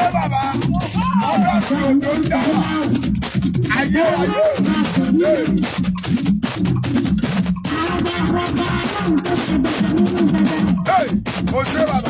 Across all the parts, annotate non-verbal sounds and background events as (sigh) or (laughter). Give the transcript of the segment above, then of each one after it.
ayé bàbá ọjọ́ tí òjò ń dá wà ayé ayé lè. Hey, mo ṣe bàbá.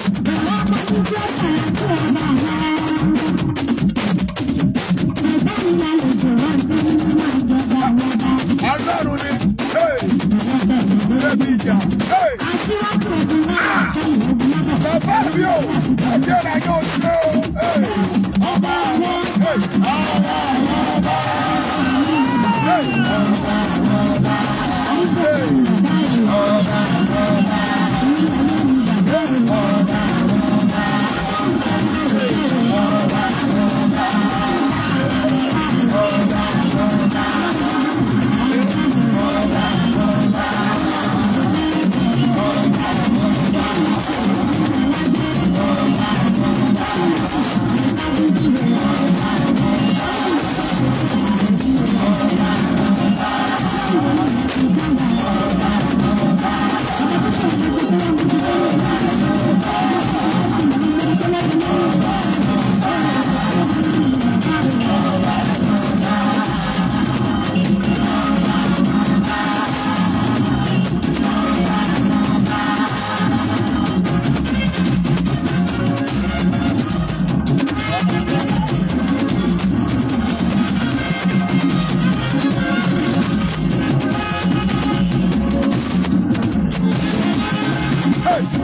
Fábio!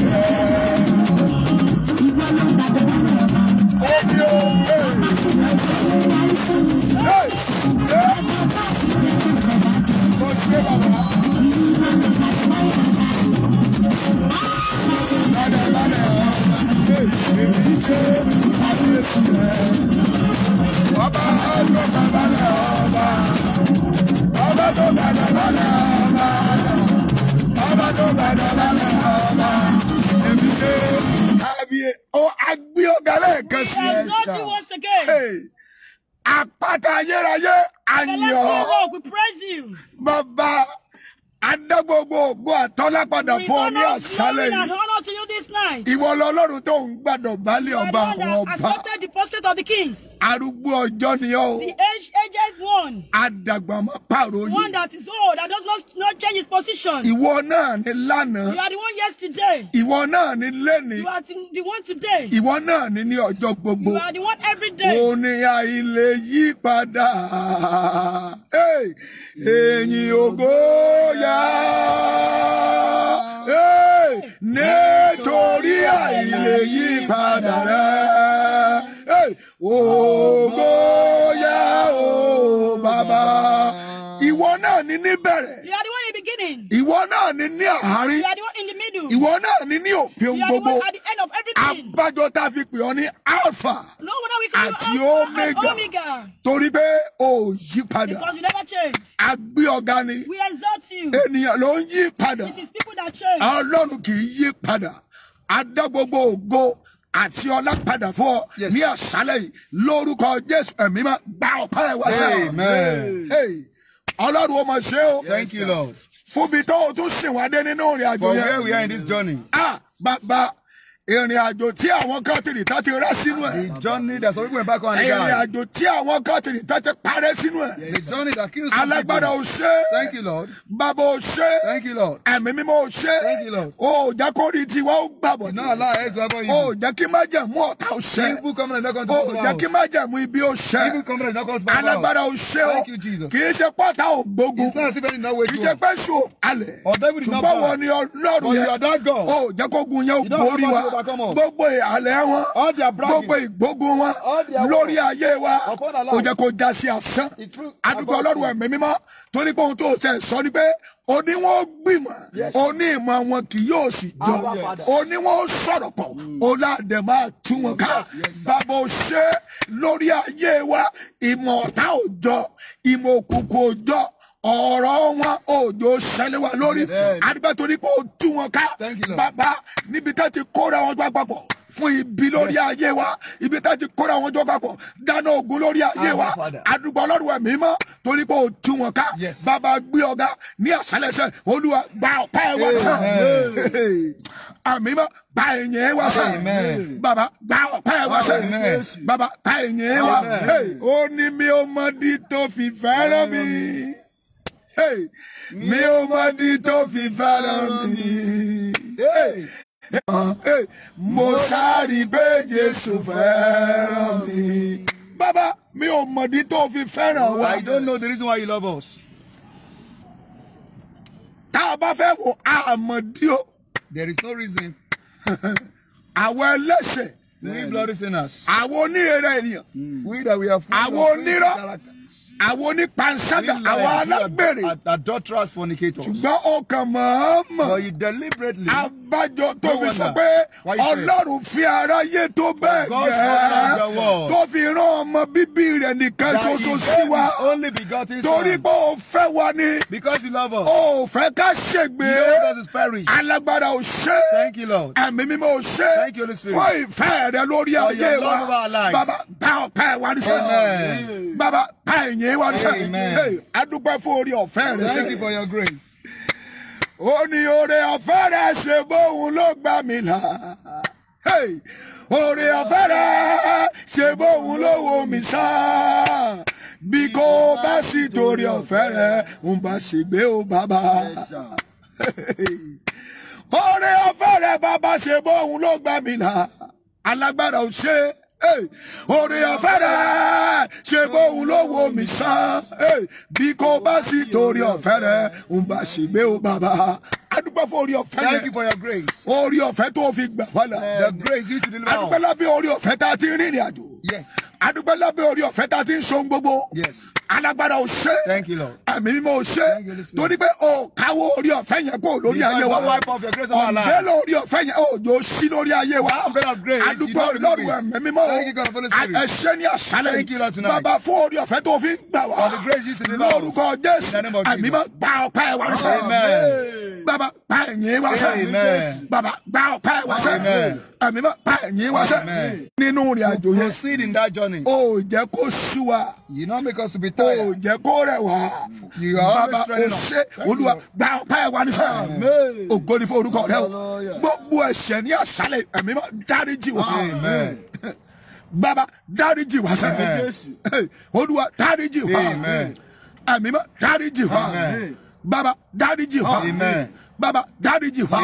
Yeah. dọ̀bálẹ̀ ọba èmi ṣe àbíyé ó agbé ọ̀gá lẹ́ẹ̀kan sí ẹ̀ṣà àpáta ayérayé àyàn Baba adá gbogbo ògbó àtọ́lá padà fún ọ ní àṣálẹ̀ yìí. ìwọ lọ́lọ́run tó ń gbàdọ̀ balẹ̀ ọba àwọn ọba. arúgbó ọjọ́ ni ọ́. the age ages one. pààrọ̀ yìí. one that is old that does not, not change his position. ìwọ náà ni lánàá. you are the one yesterday. ìwọ náà ni lẹ́nìí. you are the one today. ìwọ náà ni ní ọjọ́ gbogbo. you are the one every day. o ní àìlè yí padà. ẹ̀yìn ògo yá nítorí àìlè yí padà rẹ̀ ògo yá o bàbá ìwọ náà ní níbẹ̀rẹ̀. Ìwọ náà ni ní àárín. You are the one in the middle. Ìwọ náà ni ní òpin gbogbo. You are the one at the end of everything. Abájọ tá a fi pè ọ́ ní Alpha. No and Omega. Torí pé o yí padà. Because you never change. ọ̀gá ni. We exalt you. Ènìyàn ló ń yí padà. It is people that change. Ọlọ́run kì í yí padà. A gbogbo ògo àti ọlá padà fún ọ ní àṣálẹ̀ yìí lórúkọ Jésù ẹ̀mí máa gba ọ̀pá ẹ̀ wá sáà. Amen ọlọ́run ó máa ṣe o. thank you lord. fún ibi tó o tún sìn wá dé nínú ìrìn yẹn. for where we are in this journey. ah bàbá ìrìn àjò tí àwọn kọ́tìrì tá ti rẹ́ sínú ẹ̀. the journey that some people went back on again. ìrìn àjò tí àwọn kọ́tìrì tá ti parẹ́ sínú ẹ̀. the journey that kills some people. alágbára o ṣe. thank you lord. bàbá o ṣe. thank you lord. ẹ̀mí mímọ́ o ṣe. thank you lord. o jẹ́ kó rí tiwa ó gbàbọ̀. iná àlá ẹ̀ ti wá bọ̀ yìí. o jẹ́ kí má jẹ̀ mú ọ̀tá o ṣe. people come and knock on to our house. o jẹ́ kí má jẹ̀ mú ibi o ṣe. people come and knock on to our house. alágbára o ṣe o. thank you jesus. kì í ṣe pọ́tà ò gbógun. it's not as if any now way to. kì í ṣe pẹ́ sùn alẹ̀. ọ̀dẹ́bìrì náà bá. ṣùgbọ́n wọ ni ọlọ́run yẹn. but you are that god. o jẹ́ kó gun yẹn o borí wa gbogbo ìhàlẹ̀ wọn gbogbo ìgbógun wọn lórí ayé wa kò jẹ́ kó já sí asán adúgbò ọlọ́run ẹ̀mí mímọ́ torí pé ohun tó ṣe sọ ni pé oníwọ̀n gbìmọ̀ onímọ̀ wọn kì yóò sì jọ oníwọ̀n sọ̀rọ̀ pọ̀ mm. ọ̀làdẹ̀ máa tú wọn ká bàbá ò lórí ayé wa ìmọ̀ ọ̀tá òjọ ìmọ̀ òkùnkùn òjọ ọ̀rọ̀ wọn òjò ṣẹlẹ̀ wa lórí adúgbò torí pé o tú wọn ká bàbá níbi tá ti kóra wọn jọ papọ̀ fún ibi lórí ayé wa ibi tá ti kóra wọn jọ papọ̀ dáná ogun lórí ayé wa adúgbò ọlọ́run ẹ̀mí mọ́ torí pé o tú wọn ká bàbá gbé ọ̀gá ní àṣálẹ́sẹ̀ olúwa gba ọ̀pá ẹ̀ wá sàn àmì mọ́ gba ẹ̀yìn ẹ̀ wá sàn bàbá gba ọ̀pá ẹ̀ wá sàn bàbá gba ẹ̀yìn ẹ̀ wá ó ní mi ò mọ̀ di tó fi fẹ́ràn mi mi ò mọ di tó fi fẹ́ràn mi. mo sáré pé Jésù fẹ́ràn mi. bàbá mi ò mọ̀dí tó fi fẹ́ràn wa. I don't know the reason why you love us. tá a bá fẹ́ wo àmọ̀dí o. There is no reason. àwọn ẹlẹ́ṣẹ̀. we bloody sinners. àwọn oníhẹ̀rẹ̀ ènìyàn. we that we are full of character. àwọn onírọ́ àwọn onípanṣágà àwọn alágbèrè. adulterers fornicators. ṣùgbọ́n o kàn mọ̀ọ́mọ̀. but you deliberately bájọ tó fi sọ pé ọlọ́run fi aráyé tó bẹ́ẹ̀ gẹ́ tó fi rán ọmọ bíbí rẹ̀ nìkan ṣoṣo sí wa torí pé o fẹ́ wa ni o fẹ́ ká ṣègbè alágbára o ṣe ẹ̀mí mímọ́ o ṣe fún ìfẹ́ rẹ lórí ayé wa bàbá bá ọ̀pẹ́ wa ní sẹ́yìn bàbá bá ẹ̀yìn wa ní sẹ́yìn adúpẹ́ fún orí ọ̀fẹ́ rẹ sẹ́yìn ó ní oore ọ̀fẹ́ rẹ̀ ṣe bóun ló gbà mí là oore ọ̀fẹ́ rẹ̀ ṣe bóun ló wo mi sá bí kò bá sì torí ọ̀fẹ́ ń bá ṣègbé o bàbá oore ọ̀fẹ́ rẹ̀ bàbá ṣe bóun ló gbà mí là alágbára ò ṣe é orí ọ̀fẹ́rẹ́ ṣe bóun ló wo mi sàn bí kò bá sí torí ọ̀fẹ́rẹ́ ń bá ṣègbè ó bàbá adúpẹ́ fún orí ọ̀fẹ́ yẹn. thank you for your grace. orí ọ̀fẹ́ tó fi gbà wàlà. the lábẹ́ orí ọ̀fẹ́ tá a ti rìnrìn àjò. yes. lábẹ́ orí ọ̀fẹ́ tá a ti ń ṣohun gbogbo alágbára ò ṣe ẹ̀mí mímọ́ ò ṣe torí pé o káwọ́ orí ọ̀fẹ́ yẹn kó lórí ayé wa ọ̀nbẹ́lẹ̀ orí ọ̀fẹ́ yẹn òjò sí lórí ayé wa adúgbò lọ́rùn ẹ̀mí mímọ́ ẹ̀ṣẹ́ ní àṣálẹ̀ bàbá fún orí ọ̀fẹ́ tó fi gbà wá lórúkọ Jésù ẹ̀mí mímọ́ gbà ọ̀pá ẹ̀ wá baba gba ẹ̀yìn wa sẹ́. baba gba ọ̀pá ẹ̀ wa sẹ́. ẹ̀mí náà gba ẹ̀yìn wa sẹ́. nínú ìrìn àjò yẹn. proceed in that journey. o jẹ́ kó sú wa. you no make us to be tired. o jẹ́ kó rẹ̀ wá. you are always training us. baba o ṣe olúwa gba ọ̀pá ẹ̀ wa ní sẹ́. ògo ni fún orúkọ rẹ o. gbogbo ẹ̀ṣẹ̀ ní àṣálẹ̀ ẹ̀mí náà dáríjì wa. amen baba dáríjì wa sẹ olúwa dáríjì wa ẹ̀mí mọ́ dáríjì wa bàbá dáríjì wa bàbá dáríjì wa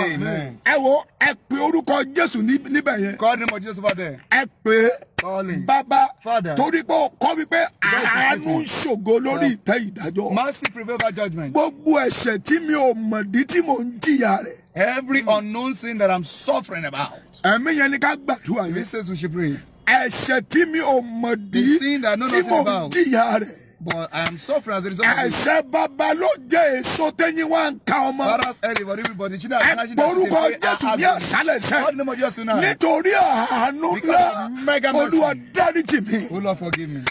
ẹ wo ẹ pè orúkọ jésù níbẹ̀ yẹn kọ́ ni mo jésù bá dẹ̀. ẹ pè bàbá torí pé ó kọ́ wípé àánú ń ṣògo lórí ìtẹ́ ìdájọ́. mercy prevail by judgment. gbogbo ẹ̀ṣẹ̀ tí mi ò mọ̀dí tí mò ń jìyà rẹ̀. every unknown sin that i'm suffering about. ẹ̀mí yẹn ni ká gbàdúrà yẹn. he says we should pray. ẹ̀ṣẹ̀ tí mi ò mọ̀dí tí mò ń jìyà rẹ̀ but I am suffering as a result. Ẹ̀ṣẹ̀ bàbá ló jẹ́ èso tẹ́yìn wá ń ka ọmọ. Whereas everybody everybody ṣí náà. Ẹ porúkọ Jésù ní àṣálẹ̀ sẹ́. Nítorí àánú ńlá Olúwa mi. Oh, forgive me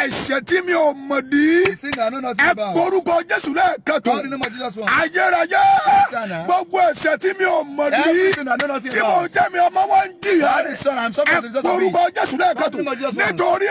ẹ̀ṣẹ̀ tí mi ò mọ̀ dí ẹ borúkọ jésù lẹ́ẹ̀kan tó ayérayé ah. gbogbo ẹ̀ṣẹ̀ tí mi ò mọ̀ dí tí mo jẹ́ mi ọmọ wọn ń jìyà ẹ borúkọ jésù lẹ́ẹ̀kan tó nítorí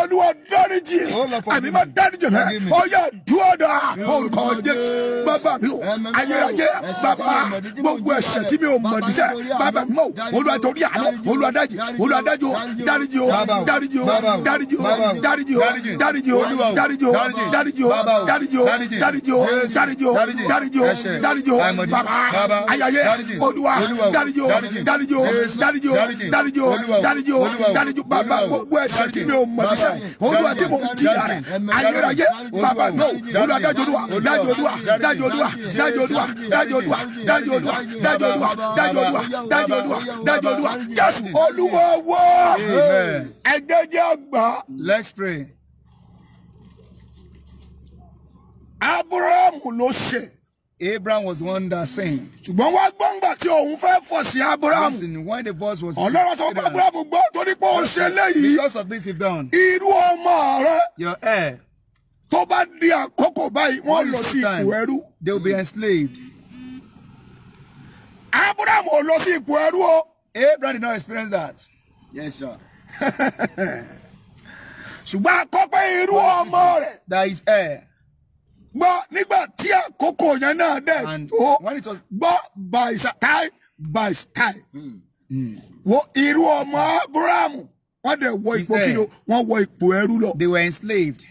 olúwa dáríjì oh, àmì má dáríjì rẹ ó yẹ dúró dà orúkọ jésù wá bá mi o ayérayé bàbá gbogbo ẹ̀ṣẹ̀ tí mi ò mọ̀ níṣẹ́ bàbá mi mọ̀ o olúwa torí àánú olúwa dájì olúwa dájì o dáríjì o dáríjì o dáríjì o dáríjì o dáríjì o dáríjì o dáríjì o dáríjì o dáríjì o dáríjì o dáríjì o dáríjì o bàbá ayáyé olúwa dáríjì o dáríjì o dáríjì o dáríjì o dáríjì o dáríjì o bàbá gbogbo ẹ̀ṣẹ̀ tí mi ò mọ̀ níṣẹ́ olúwa tí mo ń jìyà rẹ̀ ayérayé bàbá mi mọ̀ olúwa dájì olúwa dájì olúwa dájì dájú olúwa dájú olúwa dájú olúwa dájú olúwa dájú olúwa dájú olúwa dájú olúwa dájú olúwa jésù olúwa wọ jẹ ọgbà. let's pray. abrahamu ló ṣe. Abraham was the one that sang. ṣùgbọ́n wá gbọ́ngbà tí òun fẹ́ fọ̀ sí Abraham. listen when the voice was. Ọlọ́run sọ pé Abraham gbọ́ torí pé ó ṣe léyìí. because of this he done. irú ọmọ rẹ. your heir tó bá di àkókò báyìí wọ́n lọ sí ipò ẹrú. they will be enslaved. abraham ò lọ sí ipò ẹrú o. abraham did not experience that. yes sir. (laughs) ṣùgbọ́n akọ́pẹ́ irú ọmọ rẹ̀. that is air. gbọ́ nígbà tí àkókò yẹn náà dẹ̀ tó gbọ́ by style by style. Hmm. Hmm. wo irú ọmọ abraham wọ́n dẹ̀ wọ ipò kí ló wọ́n wọ ipò ẹrú lọ. they were enslaved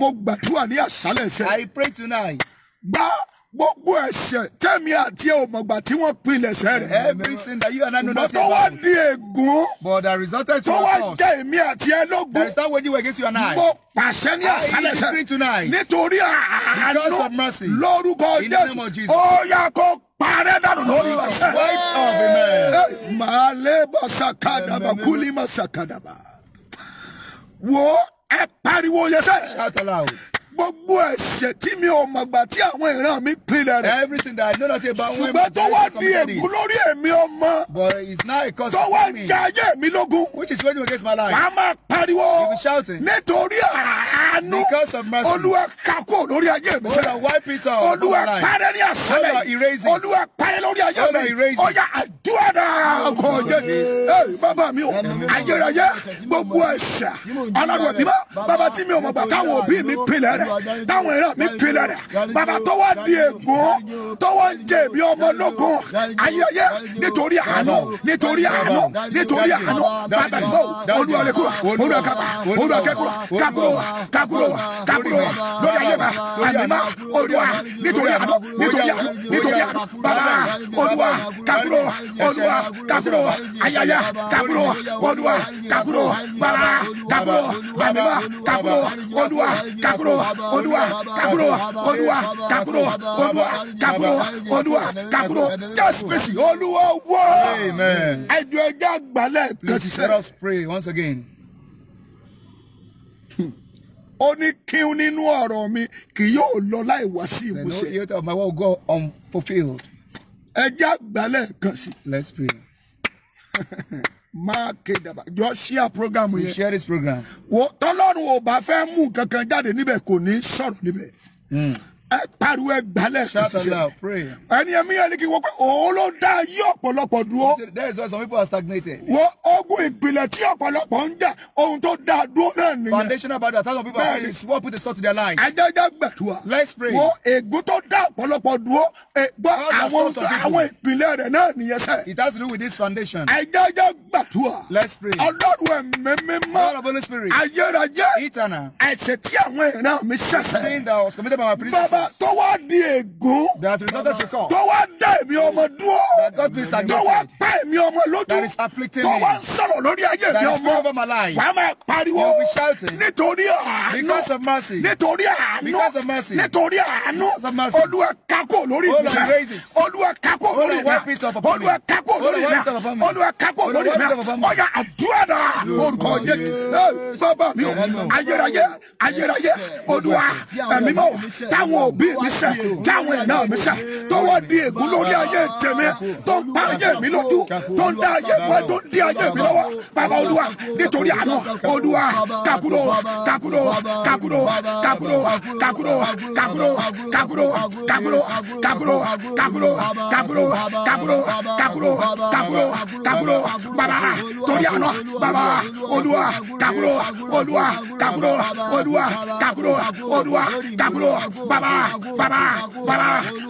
mo gbàdúrà ní àṣálẹ̀ ẹsẹ̀. I pray tonight. gbá gbogbo ẹ̀ṣẹ̀ tẹ̀mí àti ọmọgbà tí wọ́n pinlẹ̀ ẹ̀ṣẹ̀ rẹ̀. every sin that you and I know nothing about. ṣùgbọ́n tó wá di ègún. but that resulted to a cause. tó wá jẹ́ èmi àti ẹ lógún. there is that waging against you and I. mo pàṣẹ ní àṣálẹ̀ ẹ̀ṣẹ̀. I decree tonight. nítorí àánú because of mercy. lórúkọ Jésù. in the name of Jesus. ó yá kó parẹ́ dànù lórí ẹ̀ṣẹ̀. wipe off amen. màálé masakadaba kúlí masakadaba. wo ẹ pariwo yẹn sẹ́. shout aloud. gbogbo ẹ̀ṣẹ̀ tí mi ò mọ̀gbà tí àwọn ìran mi pinlẹ̀ rẹ̀. everything that I know nothing about women. ṣùgbọ́n tó wá di ègún lórí èmi ọmọ. but it's not a cause for me. tó wá ń mi lógun. which is when you get my life. màá pariwo. you be shouting. nítorí àánú. because of mercy. olúwa kakó lórí ayé mi. olúwa wipe it off. olúwa parẹ́ ní àṣálẹ̀. olúwa erase olúwa parẹ́ lórí ayé mi. olúwa erase it. àdúrà náà oh, kò jẹ́ ẹ bàbá mi o ayérayé gbogbo ẹ̀ṣẹ̀ ọlọ́run mímọ́ bàbá tí mi ò mọ̀gbà táwọn òbí mi pinlẹ̀ rẹ̀ rẹ̀ táwọn èèyàn mi pin rẹ̀ bàbá tó wá di ègún tó wá jẹ̀bi ọmọ ológun ayẹyẹ nítorí àánú nítorí àánú nítorí àánú bàbá ìgbọ́ olúwarẹ̀kúrà olúwakàbà olúwakẹ́kúrà kakúrò wa kakúrò wa kakúrò wa lórí ayébà àmìmá olúwa nítorí àánú nítorí àánú nítorí àánú bàbá olúwa kakúrò wa olúwa kakúrò wa ayẹyẹ kakúrò wa olúwa kakúrò wa bàbá kakúrò wa àmìmá kakúrò wa olúwa kakúrò wa olúwa kakuro wa olúwa kakuro wa olúwa kakuro wa olúwa kakuro just pèsè olúwa wọ ẹjọ ẹjọ àgbàlẹ kan ṣiṣẹ. let us pray once again. ó ní kíun nínú ọ̀rọ̀ mi kì yóò lọ láì wá sí ìmúṣẹ. the no of my word go unfulfilled. ẹjọ àgbàlẹ kan let's pray. (laughs) mákèdàbà jọ share program yẹn. share this program. tọ́lọ́run ò bá fẹ́ mú nǹkan kan jáde níbẹ̀ kò ní sọ̀rọ̀ níbẹ̀. Hmm ẹ pariwo ẹ gbalẹ̀ ẹni ẹ̀mí yẹn ni kí wọ́n pẹ́ òun ló dá ayé ọ̀pọ̀lọpọ̀ dúró. there is where some people are stagnated. wo ogun ìpìlẹ̀ tí ọ̀pọ̀lọpọ̀ ń jà ohun tó dá dúró náà nìyẹn. foundational about that thousand people are small put a stop to their lives. ajajá gbàdúrà. let's pray. wo ègún tó dá ọ̀pọ̀lọpọ̀ dúró gbọ́ àwọn àwọn ìpìlẹ̀ rẹ̀ náà nìyẹn sẹ́. it has to do with this foundation. ajajá gbàdúrà. let's pray. ọlọ́run ẹ̀mí mímọ́. God of Holy Spirit. ayérayé. eternal. ẹ̀ṣẹ̀ tí àwọn èèyàn náà mi ṣẹ̀ṣẹ̀. sin that was committed by my priest bá tó wá di ègún. that resulted to come. tó wá dá èmi ọmọ dúró. that God be stagnated. tó wá pa èmi ọmọ lójú. that is afflicting me. tó wá ń sọ̀rọ̀ lórí ayé mi ọmọ. that is still over my life. wàá máa pariwo. you will be shouting. nítorí àánú. because of mercy. nítorí àánú. because of mercy. nítorí àánú. because of mercy. olúwa kakó lórí mi. olúwa raise it. olúwa kakó lórí mi. olúwa wipe it off upon me. olúwa kakó lórí mi. olúwa kakó lórí mi. ọ̀yà àdúrà náà orúkọ jẹ́ bàbá mi ayérayé ayérayé olúwa ẹ̀mí mọ́ táwọn àwọn òbí mi sẹ jáwọn ẹ̀nà mi sẹ tọwọ́ di ègún lórí ayé tèmi tó ń pa ayé mi lójú tó ń dá ayé wọ́n tó ń di ayé mi lọ́wọ́ bàbá olúwa nítorí àná olúwa kakuro kakuro kakuro kakuro kakuro kakuro kakuro kakuro kakuro kakuro kakuro kakuro kakuro kakuro kakuro bàbá torí àná bàbá olúwa kakuro olúwa kakuro olúwa kakuro olúwa kakuro bàbá baba baba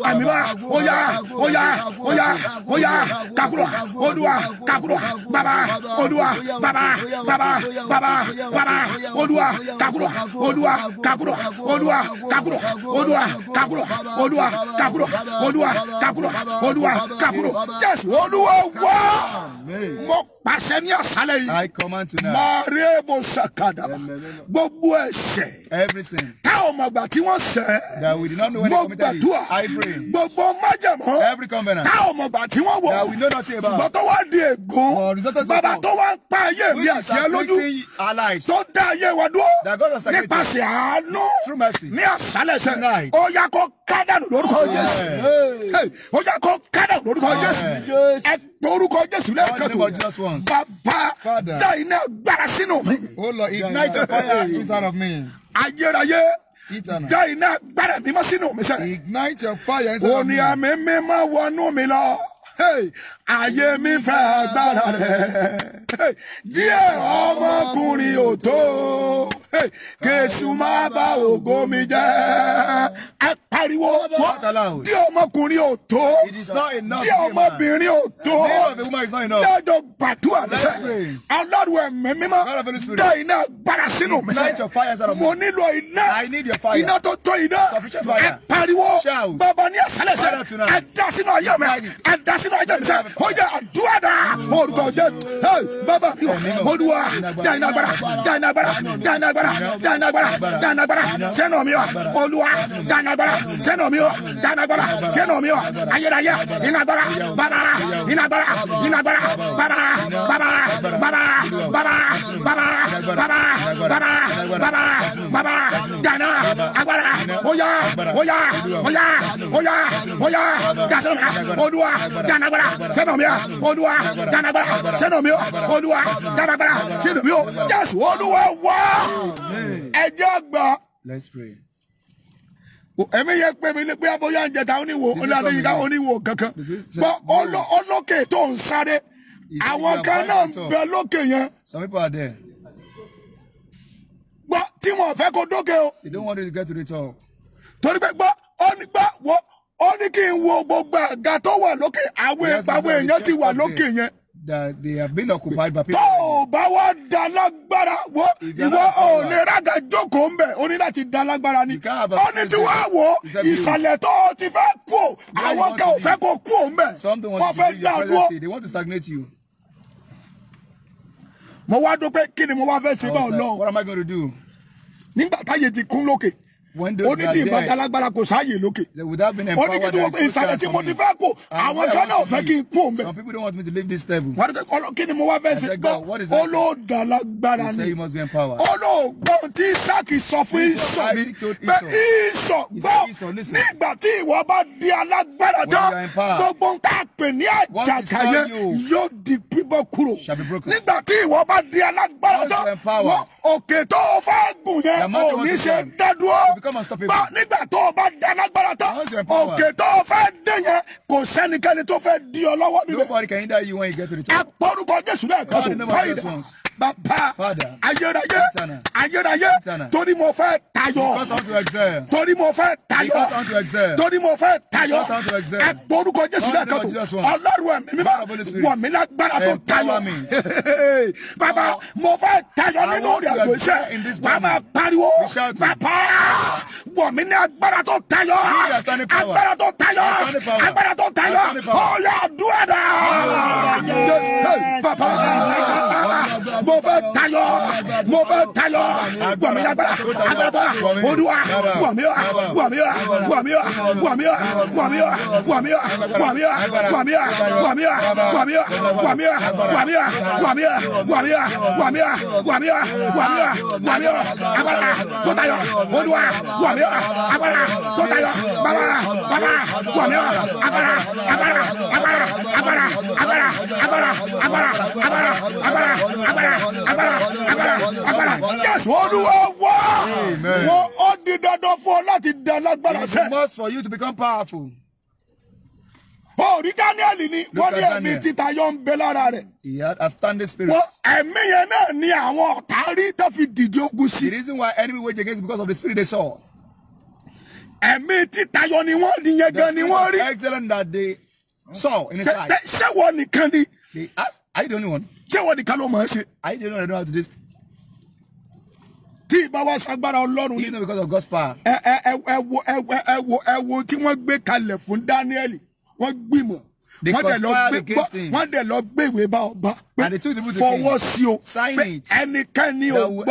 àmìmá oya oya oya oya kakura oduwa kakura baba oduwa baba baba baba baba oduwa kakura oduwa kakura oduwa kakura oduwa kakura oduwa kakura oduwa kakura oduwa kakura jésù olúwa wá mo pàṣẹ ní àṣálẹ́ yìí mọ̀rẹ́ mo ṣàkàdàbà gbogbo ẹ̀ṣẹ̀ tá ò mọ̀gbà tí wọ́n ṣẹ̀ that we did not know when mo gbàdúrà I pray gbogbo májàmọ́ every covenant tá ò mọ̀ gbà tí wọ́n wọ̀ that we know nothing about ṣùgbọ́n tó wá di ègún bàbá tó wá ń pa ayé mi àti ẹ lójú tó ń dá ayé wa dúró nípasẹ̀ àánú ní àṣálẹ̀ sẹ́ ó yá kó kádànù lórúkọ Jésù ó yá kó kádànù lórúkọ Jésù ẹ orúkọ Jésù lẹ́ẹ̀kan tó bàbá dá iná gbára sínú mi. ó oh, lọ ignite the fire inside of me. ayérayé dá iná gbára mímọ́ sínú mi sẹ́. ignite your fire inside of me. òní àmì mímọ́ wọnú mi lọ ayé mi fẹ́ agbára rẹ̀ díẹ̀ ọmọkùnrin ò tó késù má bá ògo mi jẹ́ ẹ pariwo díẹ̀ ọmọkùnrin ò tó díẹ̀ ọmọbìnrin ò tó dájọ́ gbàdúrà lẹ́sẹ̀ ọlọ́run ẹ̀mí mímọ́ dá iná gbára sínú mi mo nílò iná iná tó tó iná pariwo bàbá ní ẹsẹ̀ lẹ́sẹ̀ ẹ sínú ayé mi ẹ sínú ayé mi sẹ́ ó yẹ àdúrà náà orúkọ jẹ bàbá mi ò olúwa dáìnagbára dáìnagbára dáìnagbára dáìnagbára dáìnagbára sẹ́nà mi wà olúwa dáìnagbára sẹ́nà mi wà dáìnagbára sẹ́nà mi wà ayérayé ìnagbára bàbá ìnagbára ìnagbára bàbá bàbá bàbá bàbá bàbá bàbá bàbá bàbá bàbá dáná agbára oya oya oya oya oya dasọ́nà olúwa dáìnagbára sẹ́nà sẹ́nu olúwa dánagbára sẹ́nu olúwa dánagbára sẹ́nu jésù olúwa wá ẹjọ́ gbọ́. Let's pray yẹ pé mi ní pé abóyá ń jẹta oníwò onídàáyíká oníwò kankan bọ́ olókè tó ń sáré àwọn kan náà ń bẹ lókè yẹn. gbọ́ tí wọ́n fẹ́ kó dókè o. torí pé gbọ́ ó ní gbọ́ wọ́n ó ní kí n wo gbogbo àga tó wà lókè àwọn ìpàwọ èèyàn ti wà lókè yẹn. tó o bá wá da lágbára wo ìwọ ò lè rága jókòó ńbẹ o ní láti da lágbára ni ó ní tí wàá wò ìsàlẹ̀ tó o ti fẹ́ kú àwọn kan ò fẹ́ kó kú o ńbẹ wọ́n fẹ́ dá a to stagnate you. mo wá dúpẹ́ kí ni mo wá fẹ́ ṣe báwo lọ. nígbà táyé ti kún lókè ó ní tí ìbọn dalagbara kò sáàyè lókè ó ní kí wọ́n ìsàlẹ̀ tí mo ti fẹ́ kó àwọn kan náà fẹ́ kí n kú òun bẹ̀. some people don't want me to leave this table. wọ́n ní kí kí ni mo wá fẹ́ sí pé olódàlágbára ni olóògbọ́n tí Ísáàkì sọ fún ìsọ̀ pé ìsọ̀ gbọ́ nígbà tí ìwọ bá di alágbára tán gbogbo nǹkan àpè ní àjàkà yẹn yóò di bíbọ́ kúrò nígbà tí ìwọ bá di alágbára tán òkè tó fẹ́ gùn yẹn ò ní ṣe dádúró bá nígbà tó o bá da lágbára tán òkè tó o fẹ́ dé yẹn kò sẹ́nikẹ́ni tó fẹ́ di ọ lọ́wọ́ níbẹ̀. àpọ̀rùkọ jésù náà kàtó báyìí dá bàbá ayérayé ayérayé torí mo fẹ́ tayọ torí mo fẹ́ tayọ torí mo fẹ́ tayọ ẹ gbórúkọ jésù lẹ́ẹ̀kan tó ọlọ́run ẹ̀mí mímọ́ wọ̀ mí lágbára tó tayọ bàbá mo fẹ́ tayọ nínú rẹ̀ gbèsè bàbá pariwo bàbá wọ̀ mí ní agbára tó tayọ agbára tó tayọ agbára tó tayọ ọ̀yọ́ àdúrà dà bàbá mo fẹ́ tayọ mo fẹ́ tayọ gbọ̀mí lágbára agbára Olúwa wà mí wá wà mí wá wà mí wá wà mí wá wà mí wá wà mí wá wà mí wá wà mí wá wà mí wá wà mí wá wà mí wá wà mí wá wà mí wá wà mí wá wà mí wá wà mí wá wà mí wá wà mí wá agbára tó tayọ Olúwa wà mí wá agbára tó tayọ bàbá bàbá wà mí wá agbára agbára agbára agbára agbára agbára agbára agbára agbára agbára agbára agbára agbára Jésù Olúwa wá. Amen wo ó di dandan fún ọ láti da lágbára sẹ. it must for you to become powerful. ó rí Daniel ni wọ́n ní ẹ̀mí títa yọ ń bẹ lára rẹ̀. he had a standing spirit. wọ́n ẹ̀mí yẹn náà ni àwọn ọ̀tá rí tó fi dìde ogun sí. the reason why enemy wage against because of the spirit they saw. ẹ̀mí títa yọ ni wọ́n ní yẹn gan ni wọ́n rí. the spirit of excellence that they saw in his life. ṣé wọ́n nìkan ni. they ask are you the only one. ṣé wọ́n nìkan ló mọ̀ ẹ́ ṣe. are you the only one that know how to do bá wá sagbára ọlọ́run. even because of God's power. ẹ ẹ ẹ ẹ wo ẹ wo ẹ wo tí wọ́n gbé kalẹ̀ fún Daniel wọ́n gbìmọ̀ wọ́n dẹ̀ lọ gbé ìwé bá ọba pé fọwọ́ sí o pé ẹnikẹ́ni ò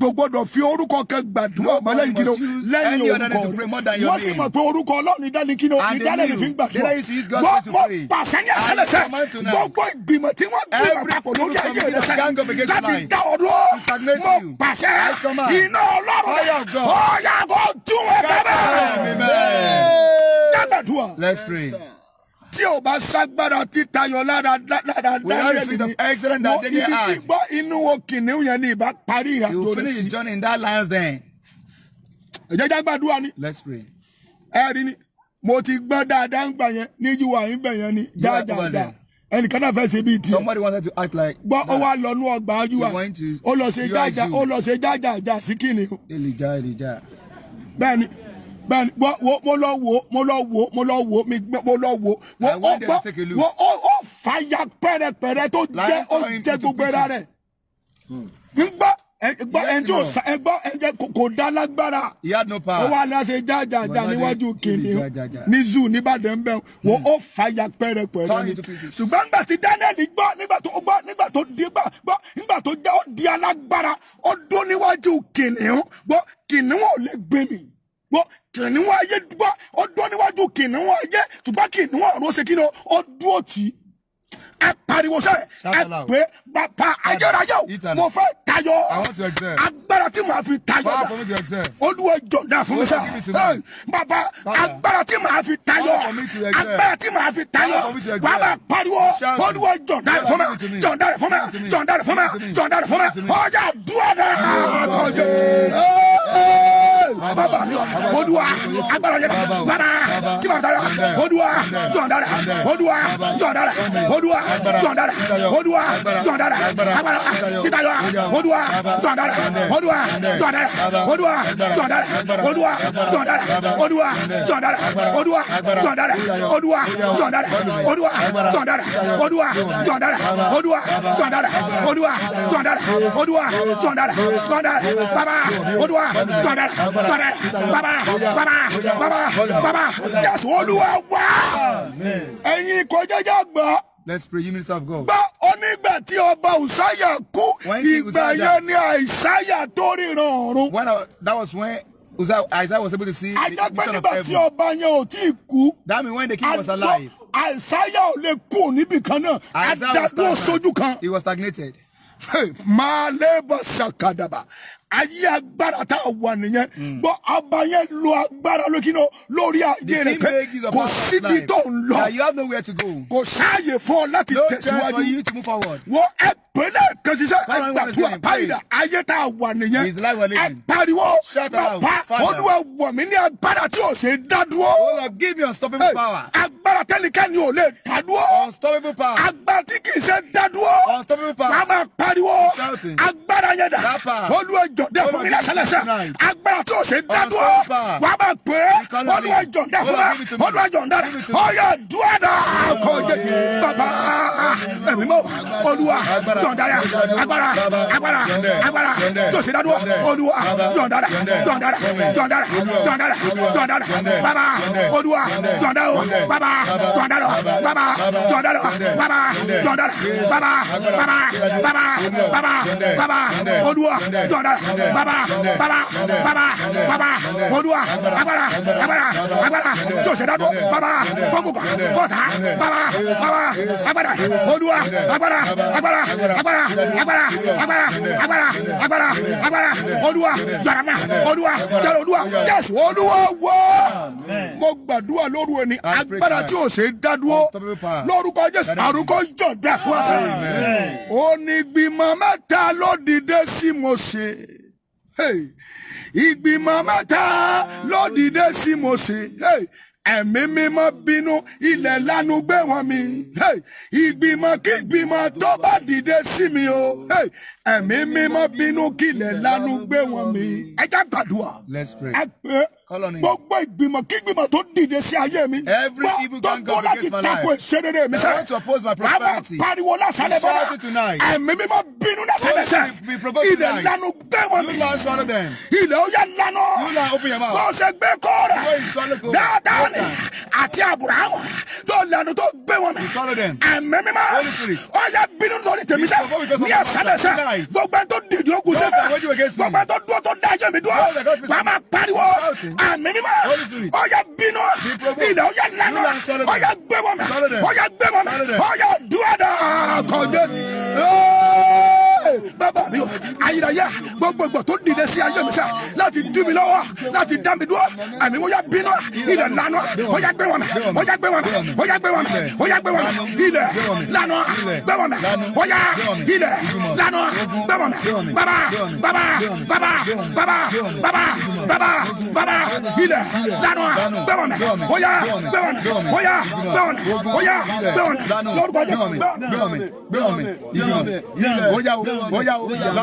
gbọ́dọ̀ fi orúkọ kan gbàdúrà ọmọ lẹ́yìn kìnìún lẹ́yìn orúkọ rẹ̀ wọ́n sì mọ̀ pé orúkọ ọlọ́run ìdálẹ́ kìnìún ìdálẹ́ lè fi gbàdúrà wọ́n mọ̀ pàṣẹ ní àṣẹlẹsẹ gbogbo ìgbìmọ̀ tí wọ́n gbìmọ̀ papọ̀ lórí ayé rẹ̀ sẹ́ láti dá ọdún mọ̀ pàṣẹ iná ọlọ́run ọ̀yà kò tún ẹ̀kẹ́ bẹ́ẹ̀. Let's pray tí o bá ságbára títayọ lára lára dáríẹ̀lì ni wọ́n ibi tí gbọ́ inú wo kìnìún yẹn ni ìbá parí ìrìnàjò rẹ̀ sí. you finish his journey in that lion's then. ẹ jẹ́ gbàdúrà ni. let's pray. ẹ rí ni mo ti gbọ́ dáadáa ń gbà yẹn níjú wà ń bẹ̀ yẹn ni dáadáa ẹnìkan náà fẹ́ ṣe bíi tiẹ̀. somebody wanted to act like. gbọ́ ó wá lọ nú ọgbà ayúwa ó lọ ṣe jájà ó lọ ṣe jájà jà sí kìnìún. elija elija. bẹ́ẹ̀ni bẹ́ẹ̀ni mo lọ wo mo lọ wo mo lọ wo mi mo lọ wo wo ó gbọ́ wo ó ó fàyà pẹ́rẹpẹ̀rẹ tó jẹ́ ó jẹ́ gbogbo ẹ̀rá rẹ̀ nígbà ẹgbọ́ ẹjọ́ ẹgbọ́ ẹjẹ́ kò dá lágbára ó wà láṣẹ jájájá níwájú kìnìún ní zoo nìbàdàn bẹ́ẹ̀ wo hmm. ó fàyà pẹ́rẹpẹ̀rẹ ni ṣùgbọ́n nígbà tí Daniel gbọ́ nígbà tó gbọ́ nígbà tó di gbà gbọ́ nígbà tó jẹ́ ó di alágbára ó dún níwájú kìnìún gbọ́ kìnìún ò lè gbé mi gbọ́ kìnìún wa dúpọ ó dúró níwájú kìnìún ayé ṣùgbọ́n kìnìún ọ̀run ó ṣe kí ni ó dúró ẹ pariwo sẹ ẹ pé bàbá ayérayé mo fẹ́ tayọ agbára tí màá fi tayọ olúwa jọ̀dá fún mi sá bàbá agbára tí màá fi tayọ agbára tí màá fi tayọ wàá bá pariwo olúwa jọ̀dá rẹ fún mi jọ̀dá rẹ fún mi jọ̀dá rẹ fún mi jọ̀dá rẹ fún mi ọjà dúró rẹ àtọjọ bàbá mi olúwa agbára yẹn bàbá tí màá tayọ olúwa jọ̀dá rẹ olúwa jọ̀dá rẹ olúwa yọ̀ǹda rẹ̀ olúwa yọ̀ǹda rẹ̀ agbára titayọ olúwa yọ̀ǹda rẹ̀ olúwa yọ̀ǹda rẹ̀ olúwa yọ̀ǹda rẹ̀ olúwa yọ̀ǹda rẹ̀ olúwa yọ̀ǹda rẹ̀ olúwa yọ̀ǹda rẹ̀ olúwa yọ̀ǹda rẹ̀ olúwa yọ̀ǹda rẹ̀ olúwa yọ̀ǹda rẹ̀ olúwa yọ̀ǹda rẹ̀ olúwa yọ̀ǹda rẹ̀ olúwa yọ̀ǹda rẹ̀ yọ̀ǹda rẹ̀ baba olúwa yọ̀ǹda rẹ̀ yọ̀ǹda rẹ̀ baba baba baba baba yẹsùn olúwa wá ẹ̀yin kò jẹ́jẹ́ gbọ́. Let's pray, you minister of God. Gbọ́ onígbà tí ọba Uzziah kú, ìgbà yẹn ni Àìsáyà tó ríran ọ̀run. When I, that was when Uzziah, Isaiah was able to see I the vision of heaven. Àjàgbé nígbà tí ọba yẹn ò tí ì kú. That means when the king was alive. Àìsáyà ò lè kú níbì kan náà. Àdàgbò sójú kan. He was stagnated. Màálé bá ṣàkàdàbà ayé agbára tá a wà nìyẹn hmm. bọ́ ọba yẹn lo agbára lókínà lórí ayé rẹ pé kò síbi tó ń lọ kò sáàyè fún ọ láti tẹ̀síwájú wọ́n ẹ pẹ̀lẹ́ kẹsíṣẹ́ ẹgbàtúwà báyìí ayé tá a wà nìyẹn ẹgbàriwo lọ́pàá olúwa wọ̀ mí ní agbára tí o ṣe dádúró oh, agbára tẹ́nikẹ́ni ò lè dádúró agbára tí kì í ṣe dádúró màá máa pariwo agbára yẹn dà olúwa jọ jọ̀dẹ fún mi lẹ́sẹ̀lẹ́sẹ̀ agbára tí o ṣe dádúró wà á bá pé olúwa jọ̀dẹ fún mi olúwa jọ̀dẹ ọyọ dúwàdà kọjá bàbá ẹ̀mí mọ́ olúwa jọ̀dẹ agbára agbára agbára tí o ṣe dádúró olúwa jọ̀dẹ jọ̀dẹ jọ̀dẹ jọ̀dẹ jọ̀dẹ bàbá olúwa jọ̀dẹ o bàbá jọ̀dẹ o bàbá jọ̀dẹ o bàbá jọ̀dẹ o bàbá bàbá bàbá bàbá bàbá olúwa jọ̀dẹ. Baba, bàbá bàbá bàbá olúwa agbára agbára agbára tí o ṣe dá dó bàbá fọkùnkà fọta bàbá bàbá agbára olúwa agbára agbára agbára agbára agbára agbára agbára agbára olúwa jọ̀rọ̀mà olúwa jọ̀rọ̀ olúwa jésù olúwa wọ́ mo gbàdúrà lóru ẹni agbára tí o ṣe dá dúró lórúkọ jésù àrùkọ jọ̀dá fún wa sẹ́yìn ó mẹ́ta ló dìde sí mo ṣe ìgbìmọ̀ mẹ́ta ló dìde sí Mósè ẹ̀mí mímọ́ bínú ilẹ̀ lanu gbé wọn mi ìgbìmọ̀ kí ìgbìmọ̀ tó bá dìde sí mi o ẹ̀mí mímọ́ bínú kí ilẹ̀ lanu gbé wọn mi ẹ já gbàdúrà. Let's pray gbogbo ìgbìmọ̀ kí ìgbìmọ̀ tó dìde sí ayé mi. every evil gang go against my life. tó ń bọ́ tako ìṣerere mi sẹ́. I want to oppose my prosperity. bàbá pariwo lásàlẹ̀ bọ́lá. ẹ̀mí mi máa bínú lásàlẹ̀ sẹ́. ilẹ̀ lanu gbé wọn mi. you land swallow them. ilẹ̀ ó lanu. you land open your mouth. bọ́sẹ̀ gbé swallow rẹ̀. dáadáa ni ìyanu tó gbé wọn mẹ́ ẹ̀mí mímọ́ ó yá bínú lórí tèmi sẹ́ ní ẹ̀sán lẹ́sẹ̀ gbogbo ẹni tó dìde ogun sẹ́fẹ̀ gbogbo ẹni tó dúró tó dá ẹjọ́ mi dúró wàá máa pariwo ẹ̀mí mímọ́ ó yá bínú ilẹ̀ ó yá lánà ó yá gbé wọn mẹ́ ó yá gbé wọn mẹ́ ó yá dúró dà kọjá. Ah, bàbá mi o ayérayé gbogbo ìgbà tó dìde sí ayé mi sá láti dí mi lọ́wọ́ láti dá mi dúró àmì wọ́n yá bínú ilẹ̀ lánà wọ́n yá gbé wọn mẹ́ wọ́n yá gbé wọn mẹ́ wọ́n yá gbé wọn mẹ́ wọ́n yá gbé wọn mẹ́ ilẹ̀ lánà gbé wọn mẹ́ wọ́n yá ilẹ̀ lánà gbé wọn mẹ́ bàbá bàbá bàbá bàbá bàbá bàbá bàbá ilẹ̀ lánà gbé wọn mẹ́ wọ́n yá gbé wọn mẹ́ wọ́n yá gbé wọn mẹ́ wọ́n yá gbé wọn mẹ́ lórúkọ jésù gbé wọn mẹ́ gbé wọn mẹ́ ilẹ̀ wọ́n yá o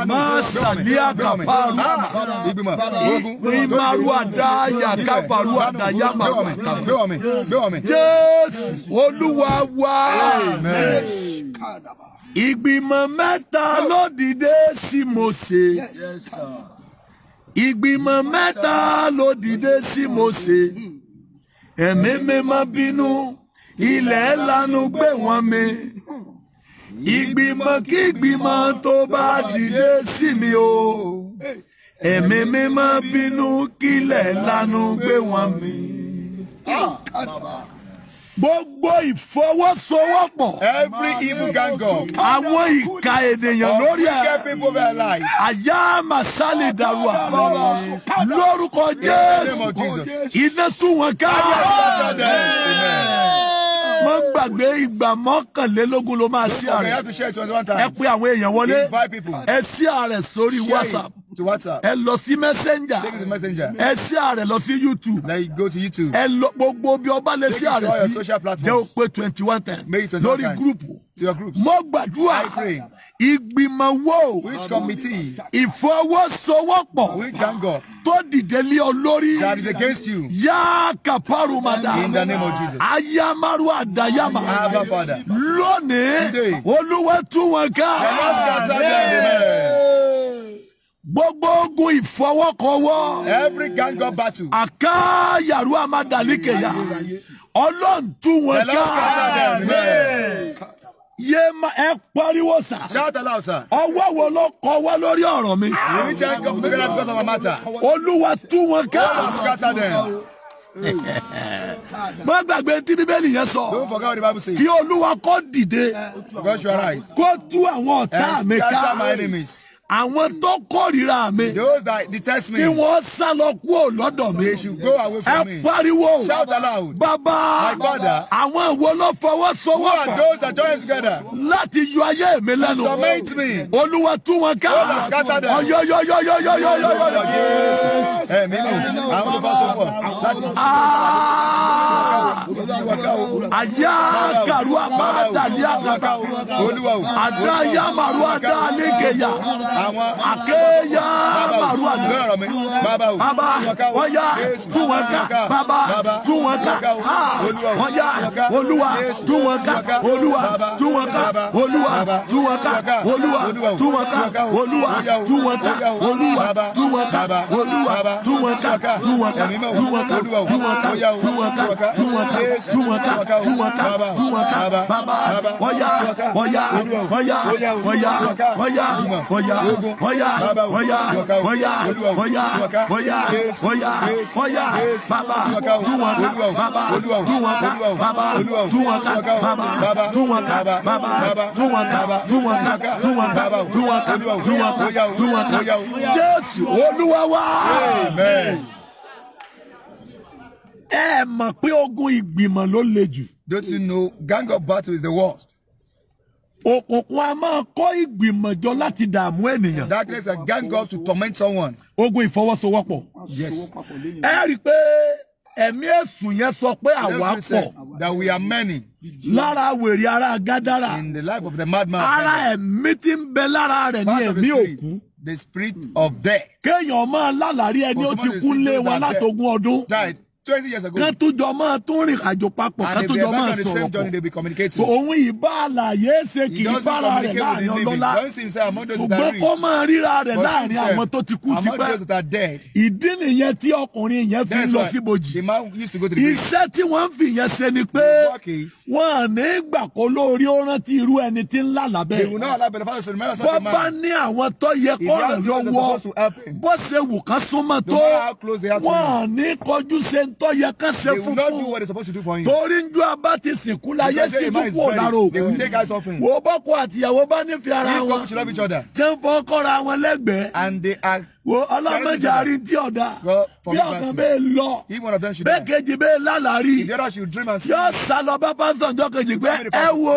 masalia kaparu imaru adaya kaparu adaya mamakame jésù olúwa wa ìgbìmọ̀ mẹ́ta ló dìde sí Mósè ìgbìmọ̀ mẹ́ta ló dìde sí Mósè ẹ̀mí mímọ́ bínú ilẹ̀ lanu gbé wọn mi ìgbìmọ̀ kí ìgbìmọ̀ tó bá dìde sí mi o ẹ̀mí mímọ́ bínú kílẹ̀ lanu gbé wọn mi. Gbogbo ìfọwọ́sowọ́pọ̀. Every evil gang up. Àwọn ìka ènìyàn lórí ẹ̀. Àyà Màsálì Dàrúwà. Lórúkọ Jésù. Iná tú wọn ká. Amen. Amen má gbàgbé ìgbà mọ́kànlélógún ló máa ṣí ààrẹ ẹ pé àwọn èèyàn wọlé ẹ ṣí ààrẹ sórí WhatsApp to WhatsApp. ẹ lọ sí messenger. take it to messenger. ẹ share rẹ̀ lọ sí YouTube. na go to YouTube. ẹ lọ gbogbo bí ọba lè share rẹ̀ sí. take it to all your social platforms. jẹ́ o pé twenty one times. make it twenty one times. lórí gúrùpù to your groups. Mo gbàdúrà. I pray. Ìgbìmọ̀ wo? Which committee? Ìfọwọ́sowọ́pọ̀. Which gangan? Tó dìde lé olórí. That is against you. Yá kàpárù màdà. In the name of Jesus. Ayámaru àdáyàmà. Abba Father. Lónìí. Today. Olúwa tú wọn ká. The last gather them. Amen gbogbo ogun ìfọwọ́kọwọ́. every gang of battle. àká yàrá amadalikeya ọlọ́run tú wọn ká. Yé ma ẹ pariwo sa. Shout aloud sa. Ọwọ́ wo ló kọ wá lórí ọ̀rọ̀ mi? Èyí jẹ́ nǹkan tó gbẹ́dá because of a matter. Olúwa tú wọn ká. Olúwa scatter them (laughs) má gbàgbé tí bíbélì yẹn sọ kí olúwa kó dìde kó tú àwọn ọ̀tá mi ká àwọn tó kórìíra mi. those that detest me. kí wọ́n sá lọ kúrò lọ́dọ̀ mi. they should go away from me. ẹ pariwo. shout aloud. baba. my father. àwọn wo ló fọwọ́sowọ́pọ̀. who are those that join together. láti yọ ayé mi lẹ́nu. torment me. olúwa tú wọn ká. all are scattered. ọyọyọyọyọyọyọyọyọ. jésù ẹ̀mí nù àwọn tó bá so pọ̀ láti aya karu abada ni akata adaya maru ada alekeya akéya màrú àná bàbá wọ́n yá tú wọn ká bàbá tú wọn ká wọ́n yá olúwa tú wọn ká olúwa tú wọn ká olúwa tú wọn ká olúwa tú wọn ká olúwa tú wọn ká olúwa tú wọn ká olúwa tú wọn ká tú wọn ká tú wọn ká tú wọn ká tú wọn ká tú wọn ká tú wọn ká tú wọn ká tú wọn ká bàbá wọ́n yá wọ́n yá wọ́n yá wọ́n yá wọ́n yá wọ́n yá ọ̀yá ọ̀yá ọ̀yá ọ̀yá ọ̀yá ọ̀yá ọ̀yá bàbá dùwọ̀n ká bàbá dùwọ̀n ká bàbá dùwọ̀n ká bàbá dùwọ̀n ká bàbá dùwọ̀n ká Jésù Olúwa wa. Amen ẹ mọ̀ pé ogun ìgbìmọ̀ ló le jù. don't you know gang of battle is the worst. Òkùnkùn a máa kọ́ ìgbìmọ̀jọ láti dààmú ènìyàn. Darkness and gang up sọ pé àwa pọ̀. That we ara Gádàrà. Ara ẹ̀mí ń bẹ lára rẹ̀ ní ẹ̀mí òkú. The spirit of death. Kéèyàn máa twenty years ago. kan tó jọ máa tún rìn àjò papọ̀ kan tó jọ máa sọ̀rọ̀ pọ̀ so òun ìbá àlàyé ṣe kì í bára rẹ̀ láàrin ọlọ́lá ṣùgbọ́n kó máa ríra rẹ̀ láàrin àwọn tó ti kú tipẹ́ ìdí nìyẹn tí ọkùnrin yẹn fi ń lọ síbojì iṣẹ́ tí wọ́n fi yẹn ṣe ni pé wọ́n à ní gbà kó lórí ó rántí irú ẹni tí ń là lábẹ́ bọ́ bá ní àwọn tó yẹ kọ́rọ̀ lọ́wọ́ bó ṣe wù kán súnmọ́ tó wọ́n à ní kọjú ṣe ń ń tọ́ yẹ kán ṣe fún fún torí ń ju abá ti sìnkú la yé sí tún ọ̀daràn òkú wò bọ́kọ àtìyàwó bá nífẹ̀ẹ́ ara wọn tí ń fọ́ kọ́ra wọn lẹ́gbẹ̀ẹ́ wo ọlọ́mọdé àrí tí ọ̀dà bí ọ̀kan bẹ́ẹ̀ lọ bẹ́ẹ̀ kejì bẹ́ẹ̀ lálàrí yóò sálọ bá pásítọ̀ ọjọ́ kejì pé ẹ wo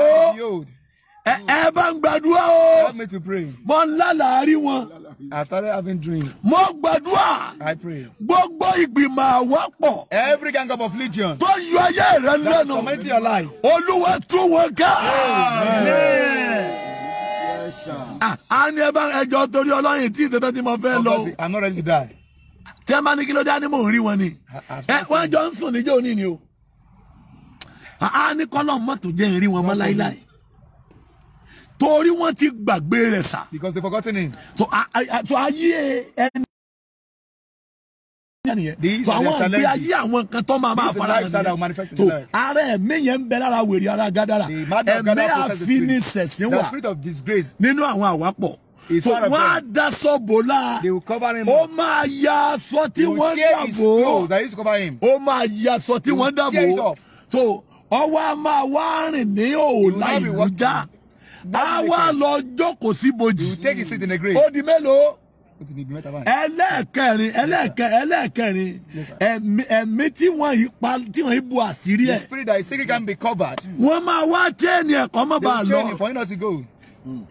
ẹ bá ń gbàdúrà o. help me to pray. mo ń lálàárí wọn. I started having dream. mo gbàdúrà. I pray. gbogbo ìgbìmọ̀ àwọ̀pọ̀. every gang of legion. tó yọ ayé rẹ lẹ́nu. that's committing your life. olúwa tú wọn ká. amen a ní ẹ bá ẹjọ torí ọlọ́yin tí ìtẹ́tẹ́ tí mo fẹ́ lọ. I'm not ready to die. tí ẹ máa ní kí ló dé ánímọ̀ rí wọn ni wọ́n jọ ń sùn níjọ́ òní ni o a ní kọ́lọ́ mọ́tò jẹ́ ìrí wọn mọ́ láíláí torí wọ́n ti gbàgbé rẹ̀ sá. because they forgotten him. so ayé ẹni nìyẹn. àwọn àgbẹ̀ ayé àwọn kan tó máa máa fara hàn nìyẹn. tó ara ẹ̀mí yẹn ń bẹ lára wèrè ara gádàrà ẹ̀mí àfinisẹ̀sìn wà nínú àwọn àwápọ̀ tó wọ́n á daṣọ bò la ó máa ya aṣọ tí wọ́n dàbò ó máa ya aṣọ tí wọ́n dàbò tó ọwọ́ a máa wá rìn ní òòlà ìlú já àwa lọ jókòó sí bojì. you take his seat the grave. ó di mélòó ó ti di ibi mẹ́ta báyìí. ẹlẹ́ẹ̀kẹrin ẹlẹ́ẹ̀kẹrin ẹlẹ́ẹ̀kẹrin ẹ̀mí tí wọ́n yìí pa tí wọ́n yìí bu àṣírí ẹ̀. the spirit that is secret can be covered. wọ́n máa wá chain ẹ̀kọ́ mọ́ bá a lọ. not to go. Hmm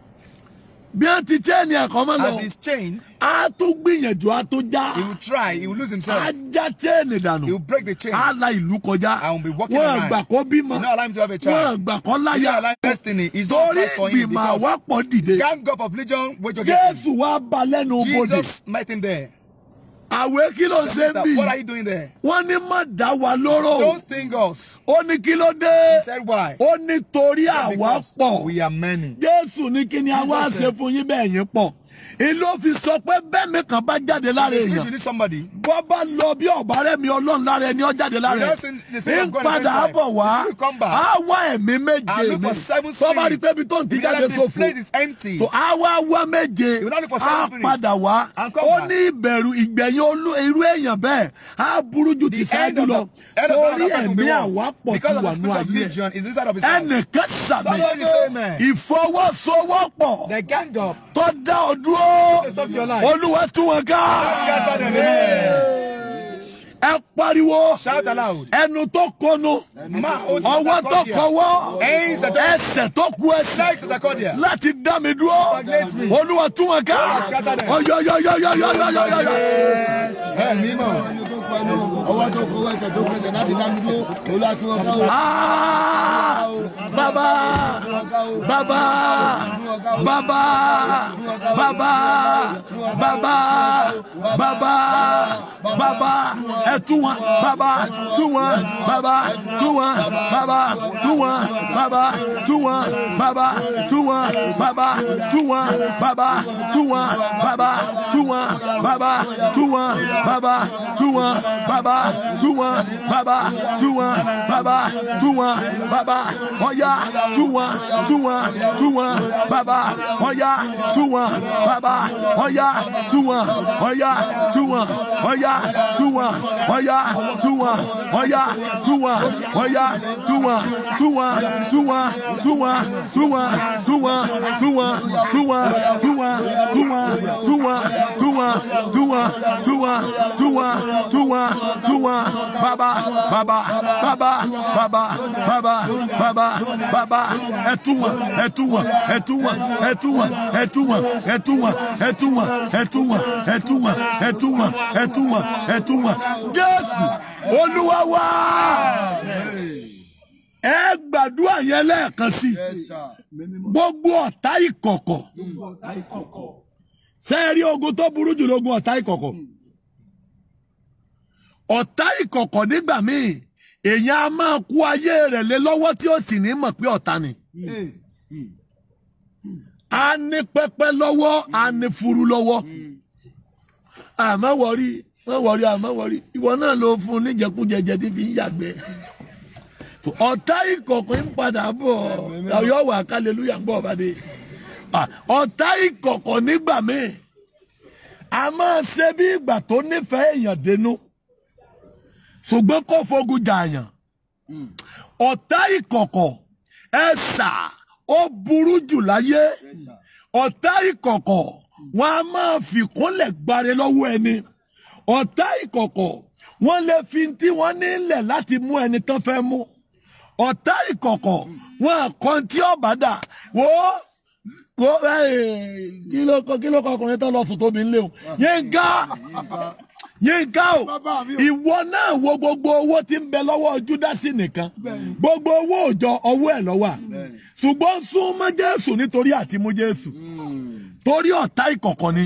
bí a ti chain yẹn kọ́ lọ. he a tó gbìyànjú a tó já. will try he will lose himself. a já chain dànù. he will break the chain. a la ìlú kọjá. will be walking around. wọ́n àgbà kọ́ bímọ. allow him to have a child. wọ́n àgbà kọ́ láyà. he will allow destiny is not for him because. torí ìgbìmọ̀ àwọ̀pọ̀ dìde. Jésù wa balẹ̀ nù bòde. Jesus met him there. Àwẹ̀ kí ló ń ṣe ń bì? What are you doing there? Wọ́n ní má dá wa lóró. Don't sting us. Ó ní kí ló dé? said why? Ó ní torí àwa pọ̀. We are many. Jésù ní kí ni àwa ṣe fún yín bẹ́ẹ̀ yín pọ̀ ìlú fi sọ pé bẹ́ẹ̀ mi kan bá jáde lára èèyàn bọ́ bá lọ bí ọ̀bá rẹ̀ mi ọlọ́run lára ẹni ó jáde lára ẹ̀ ń padà bọ̀ wá á wá ẹ̀mí méje mi tó bá rí pébi tó ń ti jáde sófo tó á wá wá méje á padà wá ó ní ìbẹ̀rù ìgbẹ̀yìn irú èèyàn bẹ́ẹ̀ á burú ju ti ṣáájú lọ torí ẹ̀mí àwápọ̀ ti wà nù ayé ẹnìkan sàmì ìfọwọ́sowọ́pọ̀ tó dá ọdún dúró olúwa tú wọn ká ẹ pariwo ẹnu tó kọnu ọwọ́ tó kọwọ́ ẹsẹ̀ tó kù ẹsẹ̀ láti dá mi dúró olúwa tún wọn ká ọyọyọyọyọyọyọyọ ọwọ́ tó kọ ẹsẹ̀ tó kọ ẹsẹ̀ láti dá mi dúró olú àti wọn ká o. bàbá bàbá bàbá bàbá bàbá bàbá bàbá ẹ tú wọn bàbá tú wọn bàbá tú wọn bàbá tú wọn bàbá tú wọn bàbá tú wọn bàbá tú wọn bàbá tú wọn bàbá tú wọn bàbá tú wọn bàbá tú wọn bàbá bàbá tú wọn bàbá tú wọn bàbá tú wọn bàbá ọ̀yá tú wọn tú wọn tú wọn bàbá ọ̀yá tú wọn bàbá ọ̀yá tú wọn ọ̀yá tú wọn ọ̀yá tú wọn ọ̀yá tú wọn ọ̀yá tú wọn ọ̀yá tú wọn tú wọn tú wọn tú wọn tú wọn tú wọn tú wọn tú wọn tú wọn tú wọn tú wọn tú wọn tú wọn tú wọn tú wọn tú wọn tú wọn. Dua, Baba, Baba, Baba, Baba, Baba, Baba, Baba, é tua, é tua, é tua, é tua, é tua, é tua, é tua, é tua, é tua, é tua, é tua, é tua. Jésù, Olúwa wa. Ẹ gbàdúrà yẹn lẹ́ẹ̀kan sí i. Gbogbo ọ̀tá ìkọ̀kọ̀. Sẹ́ẹ̀rí ogun tó burú jù lógun ọ̀tá ìkọ̀kọ̀ ọ̀tá ìkọ̀kọ̀ nígbà míì èèyàn a máa kú ayé rẹ̀ lé lọ́wọ́ tí ó sì ní mọ̀ pé ọ̀tá ni. a ní pẹpẹ lọ́wọ́ a ní furu lọ́wọ́ àmọ́ wọrí wọ́n wọrí àmọ́ wọrí ìwọ náà ló fún un níjẹkújẹ jẹ tí fi ń yàgbẹ́ ọ̀tá ìkọ̀kọ̀ ń padà bọ̀ ọ̀yọ́ wà kálẹ̀lúyà ń bọ̀ bàdé ọ̀tá ìkọ̀kọ̀ nígbà míì a máa ṣe bí ìgbà tó nífẹ̀ẹ́ èèyàn dénú ṣùgbọ́n kò fogun jàyàn hmm. ọ̀tá ìkọ̀kọ̀ ẹ̀sà ó burú jù láyé ọ̀tá ìkọ̀kọ̀ wọn a máa fi kúnlẹ̀ gbáre lọ́wọ́ ẹni ọ̀tá ìkọ̀kọ̀ wọn lè fi tí wọ́n nílẹ̀ láti mú ẹni tán fẹ́ mú ọ̀tá ìkọ̀kọ̀ wọn kan tí ọ̀bá dà wò ó wò ó kí ló kọ ọkùnrin tó lọ sùn tóbi ńlẹ̀ o yẹn ga. yínká o ìwọ náà wo gbogbo owó tí ń bẹ lọ́wọ́ júdásì nìkan gbogbo owó òjọ ọwọ́ ẹ̀ ló wà ṣùgbọ́n súnmọ́ jésù nítorí àti mú jésù hmm. torí ọ̀tá ìkọ̀kọ̀ ni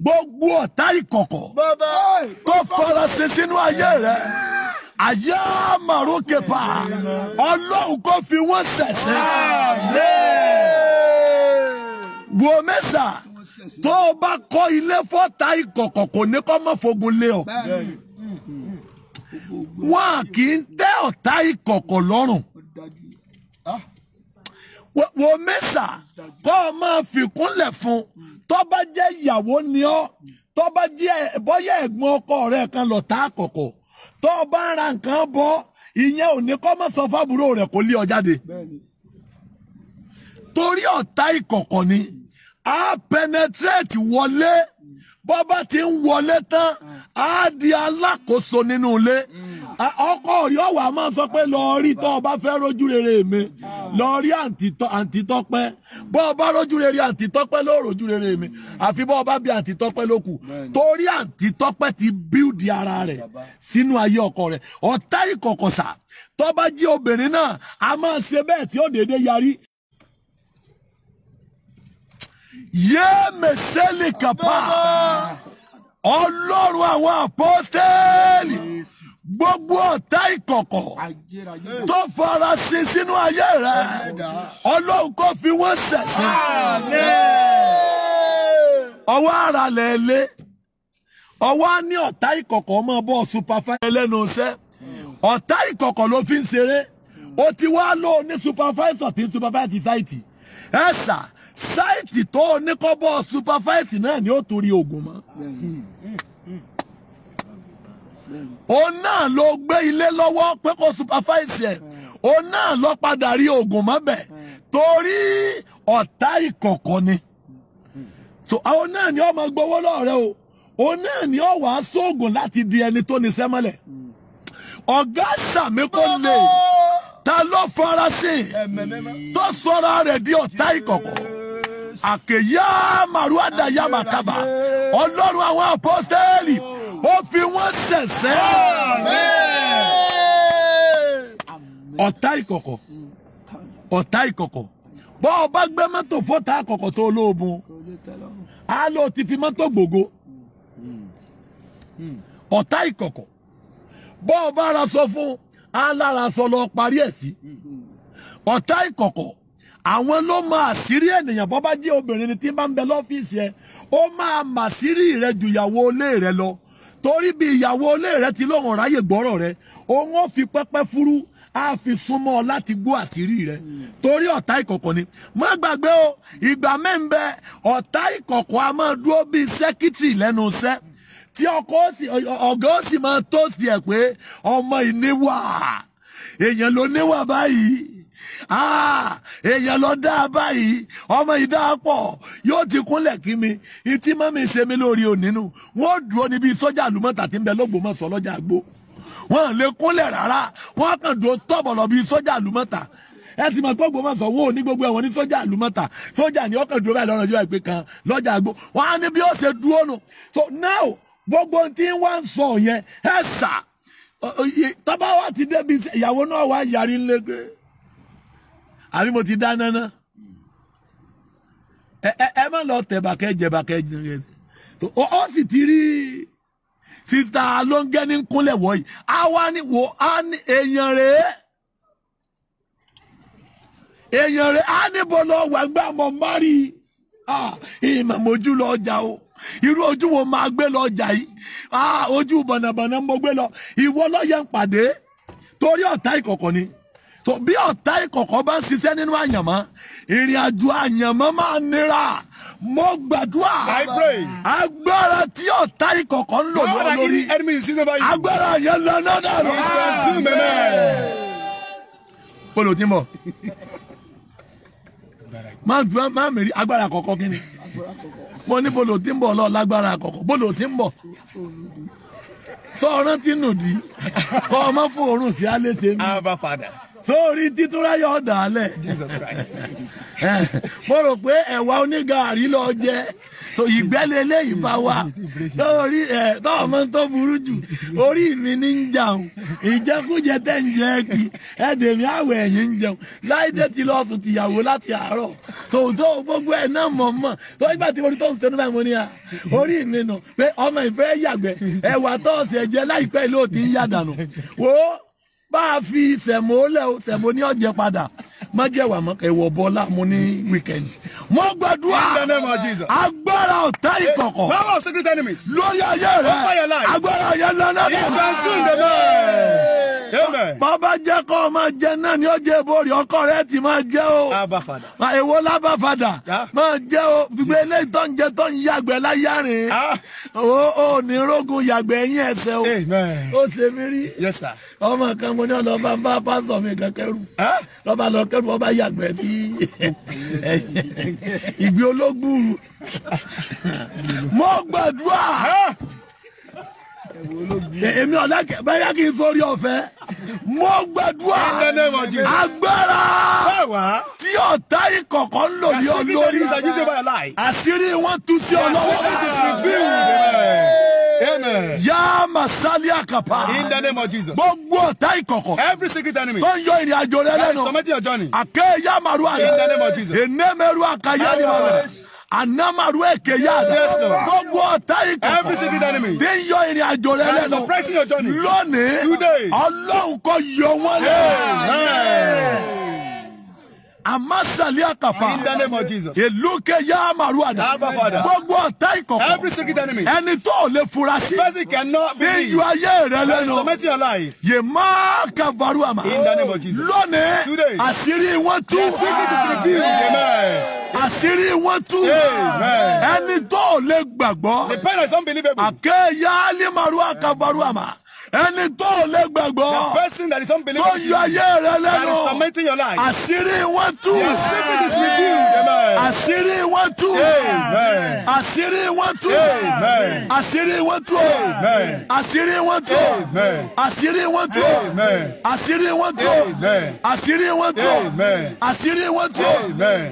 gbogbo ọ̀tá ìkọ̀kọ̀ tó farasin sínú ayé rẹ ayé màrúkẹpà ọlọ́run kò fi wọ́n ṣẹ̀ṣẹ̀. wo mẹ́sà. tó o bá kọ́ ilé fọ́ta ìkọ̀kọ̀ kò ní kọ́ mọ́ fogun lé ọ wọn kì í tẹ́ ọ̀tá ìkọ̀kọ̀ lọ́rùn ah. wo mẹ́sà kọ́ ọ máa fìkúnlẹ̀ fún tó bá jẹ́ ìyàwó ni ọ́ tó bá jẹ́ bọ́yá ẹ̀gbọ́n ọkọ rẹ̀ kan lọ̀tá àkọ́kọ́ tó bá ra nǹkan bọ́ ìyẹn ò ní kọ́ mọ́ sọ fábúrò rẹ̀ kó lé ọ jáde torí ọ̀tá ìkọ̀kọ̀ ni. Bẹ́ẹ̀ni a penetrate wọlé bó bá ti ń wọlé tán a di alákòóso nínú ilé ọkọ rí ọwà máa sọ pé lọ rí tó o bá fẹ́ rójú rere mi lọ rí àǹtí tọ́pẹ́ bó o bá rójú rere àǹtí tọ́pẹ́ ló rójú rere mi àfi bó o bí àǹtí ló kù torí àǹtí ti bíúdi ara rẹ̀ sínú ayé ọkọ rẹ̀ ọ̀tá ìkọ̀kọ̀sà tó bá jí obìnrin náà a máa ṣe bẹ́ẹ̀ tí ó déédéé yarí yé mẹsẹ́lì kàpá ọlọ́run àwọn àpọ́tẹ́ẹ̀lì gbogbo ọ̀tá ìkọ̀kọ̀ tó fara sí sínú ayé rẹ ọlọ́run kò fi wọ́n ṣẹ̀sìn ọwọ́ ara lẹ̀ lé ọwọ́ á ní ọ̀tá ìkọ̀kọ̀ ọmọ bọ́ superfly ẹlẹ́nu iṣẹ́ ọ̀tá ìkọ̀kọ̀ ló fi ń ṣeré ó ti wá lóun ní supervisor tí ń supervise society ẹ̀ sà. sáìtì tó oníkọ́bọ̀ supervise náà ni ó torí ogun mọ́ òun náà ló gbé ilé lọ́wọ́ pé o supervise ẹ̀ òun náà ló padà rí ogun mọ́bẹ̀ torí ọ̀tá ìkọ̀kọ̀ ni so náà ni ó gbowó lọ́rẹ́ o òun náà ni ó wàá sóògùn láti di ẹni tó ní sẹ́mọ́lẹ̀ ọ̀gá sàmí kò lè ta ló farasin tó di ọ̀tá ìkọ̀kọ̀. àkèyá màrúwádà yá màkàbà ọlọ́run àwọn apọ́sítẹ́ẹ̀lì ó fi wọ́n ṣẹ̀ṣẹ̀. ọ̀tá ìkọ̀kọ̀ mm. ọ̀tá ìkọ̀kọ̀ bọ́ ọ bá gbé mọ́tò fọ́tà àkọ́kọ́ tó olóògùn á lọ ti fi mọ́tò gbogbo mm. Mm. ọ̀tá ìkọ̀kọ̀ bọ́ ọ bá ra sọ fún á sọ lọ parí ẹ̀ sí mm-hmm. ọ̀tá ìkọ̀kọ̀ àwọn ló mọ àṣírí ènìyàn bọ́ bá jẹ́ obìnrin ni tí bá ń bẹ lọ́fíìsì ẹ ó máa màṣírí rẹ ju ìyàwó ilé rẹ lọ torí bí ìyàwó ilé rẹ ti lóhùn ráyè gbọ́rọ̀ rẹ òun ó fi pẹ́pẹ́ fúrú a fi súnmọ́ ọ láti gbọ́ àṣírí rẹ torí ọ̀tá ìkọ̀kọ̀ ni má gbàgbé o ìgbà mẹ́ńbẹ ọ̀tá ìkọ̀kọ̀ a máa dúró bíi sẹ́kítírì lẹ́nu iṣẹ́ tí ọ̀gá ó sì máa tó sí ẹ̀ pé ọmọ ìníwà èèyàn ló níwà báyìí Ah, èèyàn lọ dá a báyìí ọmọ yìí dá a pọ̀ yóò ti kúnlẹ̀ kí mi ìtí mọ́mí ṣe mí lórí onínú wọ́n dúró níbi sọ́jà àlùmọ́tà tí ń bẹ lọ́gbọ̀mọ̀sọ̀ lọ́jà àgbò wọ́n lè kúnlẹ̀ rárá wọ́n kàn dúró tọ̀bọ̀ bí sọ́jà àlùmọ́tà ẹ ti mọ̀ gbogbo mọ̀ ò ní gbogbo ẹ̀wọ̀n ní sọ́jà àlùmọ́tà sọ́jà ni ọkàn dúró báyìí lọ́rọ̀ yóò ẹgbẹ́ kan lọ́jà wọ́n á dúró nù so now gbogbo tí wọ́n ń sọ yẹn ẹ̀ sà tọ́ba wa ti débi ìyàwó náà wá yarí ńlẹ́gbẹ̀ẹ́ àbí mo ti dáná ná ẹ má lọ tẹ bàkẹ́ jẹ bàkẹ́ jẹ ó sì ti rí sista lóńgẹ́ ní kúnlẹ̀ wọ̀nyí á wá ní wò á ní èèyàn rèé èèyàn rèé á níbo lọ wà gbà mọ́ márì ìmọ̀ mojú lọ ọjà o irú ojú wo máa gbé lọ ọjà yìí ojú bọ̀nàbọ̀nà mo gbé lọ ìwọ lọ́yẹ̀ ń pàdé torí ọ̀tá ìkọ̀kọ̀ ni. tó bí ọ̀tá ìkọ̀kọ̀ bá ń ṣiṣẹ́ nínú àyànmọ́ ìrìn àjò àyànmọ́ máa nira mo gbàdúrà agbára tí ọ̀tá ìkọ̀kọ̀ ń lò lórí agbára yẹn lọ náà dàrú. polo tí mo máa gbọ́ máa mèrí agbára àkọ́kọ́ kí ni mo ní bolo tí ń lọ lágbára àkọ́kọ́ bolo tí ń sọ ọ̀rántí nù dí kọ́ ọ má fòórùn sí alẹ́ sẹ́mi. sórí títúráyọ̀ dàálẹ̀ mo rò pé ẹ̀wà onígàárí lọ jẹ ìgbẹ́lẹ̀ eléyìí bá wa lórí ẹ̀ tọ́wọ́ mọ́ tó burú jù orí mi ní ń jàun ìjẹkújẹ tẹ̀ ń jẹ́ kí ẹ̀dẹ̀ mi àwẹ̀ ẹ̀yìn ń jẹun láìdé ti lọ sùn tìyàwó láti àárọ̀ tòótọ́ gbogbo ẹ̀ náà mọ̀ mọ̀ tó tí mo rí tó ń mo ní à orí mi nù pé ọmọ ìfẹ́ yàgbẹ́ ẹ̀wà bá a fi sẹ̀mó lẹ̀ o sẹ̀mó ní ọ̀jẹ̀ padà má jẹ́ wà mọ́ ẹ̀wọ̀ bọ́lá mo ní wíkẹ́ndì. mo gbàdúrà agbára ọ̀tá ìkọ̀kọ̀ lórí ayé rẹ̀ agbára yẹn lọ́nà bẹ́ẹ̀. bàbá jẹ́ kọ́ ọ máa jẹ náà ní ọjọ́ ìbòrí ọkọ rẹ ti máa jẹ́ o. èwo lábàfàdà máa jẹ́ o fìgbẹ́ ilé tó ń jẹ tó ń yàgbẹ́ láyàrin ah. o ò ní rógun yàgbẹ́ yín ẹsẹ̀ o. ó ṣe mí rí ọmọ kan mo ní ọ̀nà ọba ń bá pásítọ̀ mi kan kẹrù lọ́ba lọ kẹrù ọba yàgbẹ́ sí ìgbé ológun mo gbàdúrà èmi ọ̀dà bẹ́ẹ̀ kì í sórí ọ̀fẹ́ mo gbàdúrà agbára tí ọ̀tá ìkọ̀kọ̀ ń lò ní olórí àṣírí wọn tú sí ọ lọ́wọ́. Amen. Ya masali In the name of Jesus. Gbogbo ọ̀tá ìkọ̀kọ̀. Every secret enemy. Tó ń yọ ìrìn àjò rẹ lẹ́nu. That is committing your journey. Àkẹ́ ya màrú In the name of Jesus. Ènè mẹ́rù àkàyé ni màrú anamaru èké yá rẹ gbogbo ọ̀tá ikọ̀ tí ń yọ ìrìn àjò rẹ lẹ́nu lónìí ọlọ́run kò yọ wọ́n lẹ́nu. Amasalia kapa. In the name of Jesus. Ìlúkẹ́ yá Màrúwàdà. Abba Father. Gbogbo ọ̀tá ìkọ̀kọ̀. Every secret enemy. Ẹni tó ò lè fura sí. Person cannot be. Bí ju ayé rẹ lẹ́nu. That is tormenting your life. Yè má kàbàrú àmà. In the name of Jesus. Lónìí. Today. Asiri wọn tú. The secret is revealed. Amen àṣírí wọn tú ẹni tó lè gbàgbọ́. the pain is unbelievable. àkẹ́yà alimaru akabaru àmà ẹni tó lè gbàgbọ́. the that is unbelievable. tó yọ ayé rẹ lẹ́nu. that is tormenting your life. àṣírí wọn tú. your secret is revealed. àṣírí wọn tú. àṣírí wọn tú. àṣírí wọn tú. àṣírí wọn tú. àṣírí wọn tú. àṣírí wọn tú. àṣírí wọn tú. àṣírí wọn tú.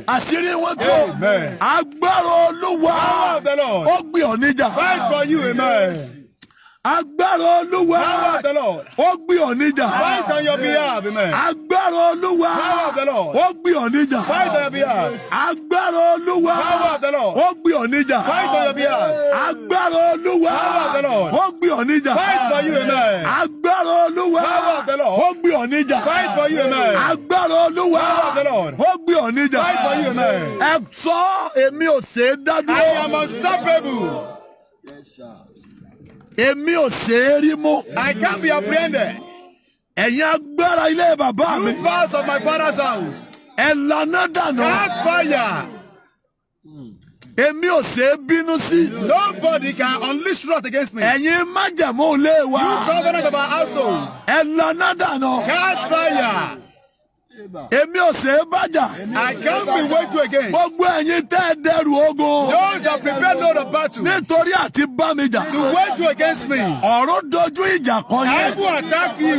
àṣírí wọn tú. agbára olúwa. ó gbìyànjú níjà. fight for you amen. Agbára Olúwa. Power the Lord. Ó gbé ọ Fight on your behalf, amen. Agbára Olúwa. Power the Lord. Ó gbé ọ Fight on your behalf. Agbára Olúwa. Power Ó gbé ọ Agbára Olúwa. Power the Lord. Ó gbé ọ Fight for you, amen. Agbára Olúwa. Power the Lord. Ó gbé ọ Fight for you, amen. Agbára Olúwa. Power the Lord. Ó gbé ọ níjà. Fight for you, amen. Ẹ sọ èmi ò ṣe é dádúró. I am unstoppable. Yes, sir. Èmi ò ṣe rí mú. I can't be apprehended. Ẹ̀yin agbára ilé bàbá mi. You pass of my father's house. Ẹ laná dànù. Catch fire. Èmi ò ṣe é bínú sí. Nobody can unleash wrath against me. Ẹ̀yin májàmú ilé wa. You covenant of our household. Ẹ laná dànù. Catch fire. Èmi ò ṣe é bàjá. I can't be you again. Gbogbo ẹ̀yin tẹ́ ẹ dẹrù ogun. Those that prepare for the battle. Nítorí àti bá To wait you against me. Ọ̀rọ̀ dojú ìjà kan yẹn. I will attack you.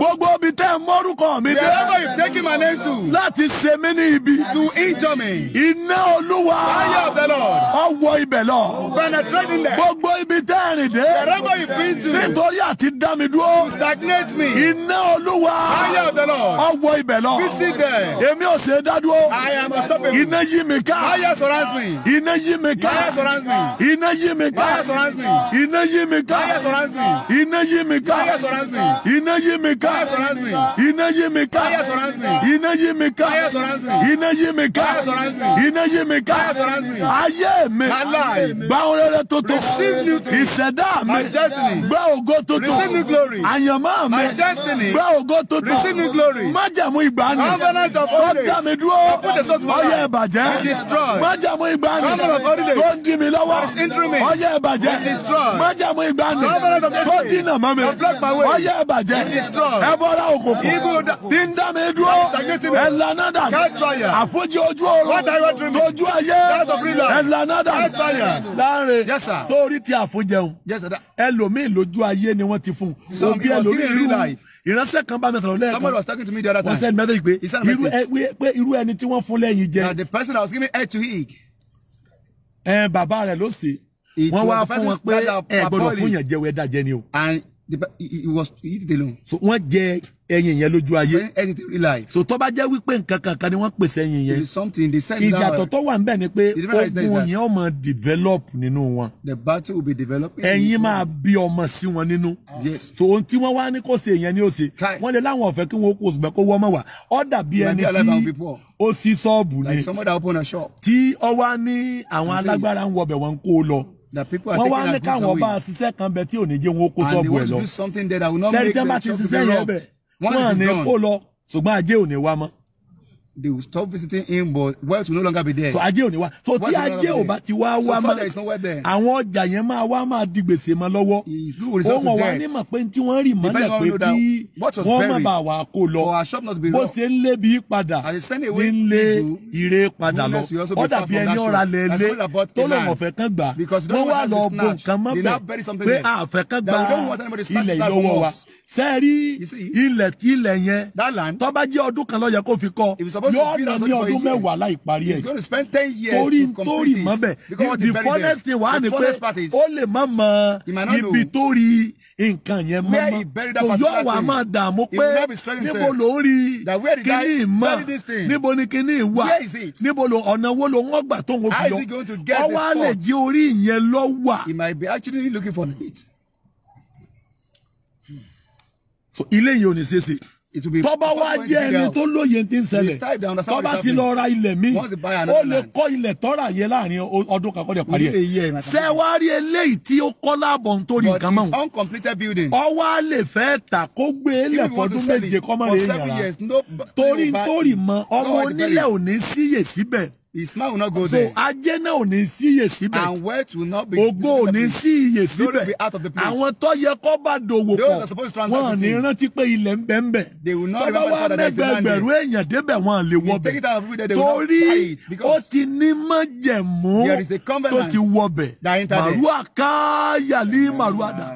Gbogbo ibi tẹ́ ẹ mọ́rúkọ mi dé. Wherever you've taken my name to. Láti ṣe mí ní ibi. To injure me. Iná Olúwa. Fire of the Lord. Ọwọ́ ibẹ̀ lọ. Penetrate in there. Gbogbo ibi tẹ́ ẹ rìn dé. Wherever you been to. Nítorí àti dá mi dúró. To stagnate me. Iná Olúwa. Fire of the Lord. Ọwọ́ ibẹ̀ lọ visit them. Èmi ò ṣe dá dúró. I am unstoppable. Iná yí mi ká. Fire surrounds me. Iná yí mi ká. Fire surrounds me. Iná yí mi ká. Fire surrounds me. Iná yí mi ká. Fire surrounds me. Iná yí mi ká. Fire surrounds me. Iná yí mi ká. Fire surrounds me. Iná yí mi ká. Fire surrounds me. Iná yí mi ká. Fire surrounds me. Iná yí mi ká. Fire surrounds me. Iná yí mi ká. Fire surrounds me. Ayé mi. Alive. Gba orere tuntun. Receive new things. Ìṣẹ̀dá mi. My destiny. Gba ògo tuntun. Receive new glory. Àyànmọ́ mi. My destiny. Gba ògo tuntun. Receive new glory. Májẹ̀mú ìgbà ìgbani. ó dá mi dúró. ọyẹ ìbàjẹ́. májàmú ìgbani. tó ń di mi lọ́wọ́. ọyẹ ìbàjẹ́. májàmú ìgbani. tó dínà mọ́ mi. ọyẹ ìbàjẹ́. ẹ bọ́ra òkòkò. tí dúró. ẹ lànà àfojì ojú oorun. tójú ayé. ẹ lànà láàrin sórí ti àfojẹun. ẹlòmíì lójú ayé ni wọ́n ti fún un. òbí ẹlòmíì rí ìránṣẹ́ kan bá mi sọ̀rọ̀ lẹ́ẹ̀kan. somebody was talking to me the other time. wọ́n send message pé irú ẹni tí wọ́n fún lẹ́yìn jẹ. the person that was giving head to him. ẹ bàbá rẹ̀ ló sè. wọ́n wá fún wọn pé ẹ gbọ́dọ̀ fún yàn jẹ́ wẹ́ẹ́dà jẹ́ ni o was eat it alone. so wọ́n jẹ ẹyin yẹn lójú ayé. when anything real life. so tó bá jẹ́ wípé nǹkan kankan ni wọ́n pèsè ẹyin yẹn. there is something they send down. ìyàtọ̀ tó wà níbẹ̀ ni pé ogun yẹn ó develop nínú wọn. the battle will be developing. ẹyin máa bí ọmọ sí wọn nínú. Ah, yes. so ohun tí wọ́n wá ní kó ṣe yẹn ni ó ṣe. kai wọ́n lè láwọn ọ̀fẹ́ kí wọ́n kó oṣù bẹ́ẹ̀ kó wọ́n mọ̀ wá. ó dàbí ẹni tí ó ṣí ṣọ́ọ̀bù ni. like somebody open a shop. tí ọwọ́ á ní àwọn alágbára ń wọ́n wá ní káwọn bá ṣiṣẹ́ kan bẹ tí ò ní jẹ́ wọn kó sọ́ọ̀bù ẹ̀ lọ sẹ́ni tẹ́ bá ti ṣiṣẹ́ yẹn bẹ̀ wọ́n ní kó lọ ṣùgbọ́n ajé ò ní wá mọ́ they will stop visiting him but wealth will no longer be there. so ajé ò ní wá so tí ajé ò bá ti wá wá mọ́ àwọn ọjà yẹn máa wá máa di gbèsè mọ́ lọ́wọ́ ó mọ̀ wá nímọ̀ pé tí wọ́n rì mọ́lẹ̀ pé kí wọ́n má bàa wà kó lọ bó ṣe ń lé bí padà ní ń lé ire padà lọ ó dàbí ẹni ọ̀ra lẹ̀ lé tó lọ wọ́n fẹ́ kán gbà wọ́n wá lọ bó nǹkan mọ́ bẹ̀ pé àfẹ́ kán gbà ilẹ̀ ìlọ́wọ́ wa sẹ́ẹ̀rí ilẹ̀ tí ilẹ̀ yẹn tó bá jẹ́ ọdún kan ló yẹ kó fi kọ́ yóò nà ní ọdún mẹ́wàá láì parí ẹ̀ torí torí mọ́ bẹ́ẹ̀ the funnest thing wà á ní pé ó lè má mọ ibi tó rí nǹkan yẹn mọ́ mọ́ kò yọ wà á máa dààmú pé níbo ló ń rí kíní mọ́ níbo ni kíní wà níbo ló ọ̀nà wo ló ń wọ́n gbà tó ń wo fi lọ ọwọ́ á lè jí orí ìyẹn lọ He might be actually looking for it so ilé yìí ò ní ṣeéṣe tọ́ba wa jẹ́ ẹni tó lóye ti ń ṣẹlẹ̀ tọ́ba ti lọ ra ilẹ̀ mi ó lè kọ́ ilẹ̀ tọ́ra yẹ láàrin ọdún kan kọ́dẹ̀ parí ẹ̀ sẹ́wárí eléyìí tí ó kọ́ láàbọ̀ ń nǹkan mọ́ ọwọ́ lè fẹ́ tà kó gbé e ilẹ̀ fọdún méje kọ́mọ́ rẹ̀ yàrá torí torí mọ́ ọmọ onílẹ̀ ò ní síyè síbẹ̀ Islam will not go so, there. So ajé náà ò ní sí iyè síbẹ̀. And wealth will not be. Ògo ò ní sí iyè síbẹ̀. Glory will be out of the place. Àwọn tó yẹ kó bá dòwò pọ̀. Those that are supposed to transact with him. Wọ́n ní rántí pé ilẹ̀ ń bẹ ń bẹ. They will not remember that there is a land there. Tọ́ba wa mẹ́gbẹ̀ẹ́gbẹ̀rún èèyàn débẹ̀ wọn lè wọ bẹ̀. The ticket out of there they will not buy it. Because ó ti ní májẹ̀mú. There is a covenant. Tó ti wọ bẹ̀. That entered there. Màrúwà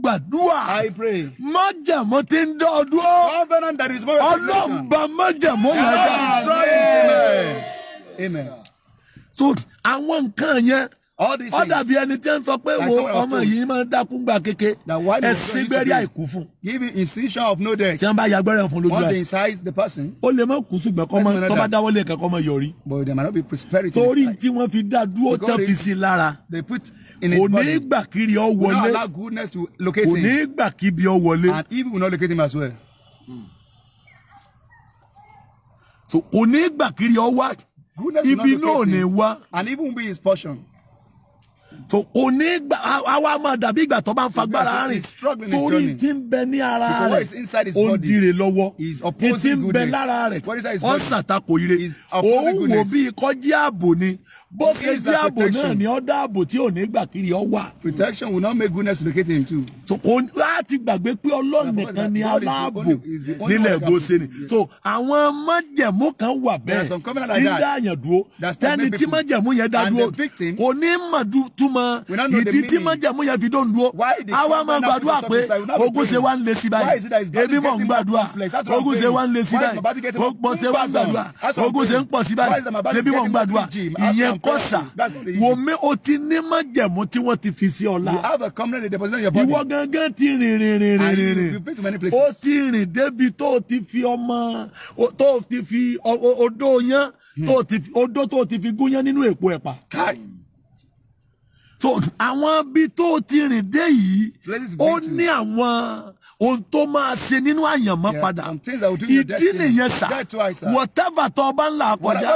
gbàdúrà. I pray. Májẹ̀mú ti ń dán ọdún. Covenant that is more than a nation. Ọlọ́run bá Amen amen. so àwọn nǹkan yẹn ó dàbí ẹni tí ń sọ pé wo ọmọ yìí máa ń dákú gbà kéke ẹsìn gbẹ́rí àìkú fún. give incision of no death. tí wọ́n bá yagbẹ́rẹ́ fún lójú rẹ̀. once they incise the person. ó lè má kú ṣùgbọ́n kọ́ mọ tọ́ bá dáwọ́ lè kẹ́kọ́ mọ yọrí. but there might not be prosperity. torí tí wọ́n fi dá dúró tán fi sí lára. they put in his body. kò ní gbà kiri ọ wọlé. will not allow goodness to locate him. kò ní gbà kíbi ọ wọlé. and evil will not locate him as well. so kò ní gbà kiri ọ wá. Goodness he be known a wa. And even will be his portion. so òní àwa máa dàbí ìgbà tó bá ń fagbára rìn torí tí ń bẹ ní ara rẹ̀ ó ń dire lọ́wọ́ tí ń bẹ lára rẹ̀ ó ń ṣàtakò ire òun wò bí ikọ́ jẹ́ ààbò ni bó ṣe jẹ́ ààbò náà ni ó dá ààbò tí òní gbà kiri ọ wà. protection will not make goodness locate him too. so kò láti gbàgbé pé ọlọ́run nìkan ni aláàbò nílẹ̀ gbọ́sẹ̀ ni so àwọn májẹ̀mú kan wà bẹ́ẹ̀ tí ń dá àyàn dúró tẹ́ni tí májẹ̀mú yẹn dá dúró kò ní màdútùmọ̀ mọ ìdí tí májẹ̀mú yẹn fi dóhùn dúró àwa máa gbàdúrà pé ogun ṣe wá ń lé sí báyìí èmi ń gbàdúrà ogun ṣe wá ń lé sí ogun ṣe wá ń gbàdúrà ogun ṣe ń pọ̀ sí báyìí ṣèbí ń gbàdúrà ìyẹn kọ́sà wòmí o ti ní májẹ̀mú tí wọ́n ti fi sí ọ̀la ìwọ gangan ti rìn rìn rìn rìn rìn o ti rìn débi tó o ti fi ọmọ tó o ti fi odó yẹn hmm. odó tó o ti fi gún yẹn nínú èpo ẹ̀pà so àwọn ibi tó o ti rìn dé yìí ó ní àwọn ohun tó máa ṣe nínú àyànmọ́ padà ìdí nìyẹn sà whatever tó bá ń là kọjá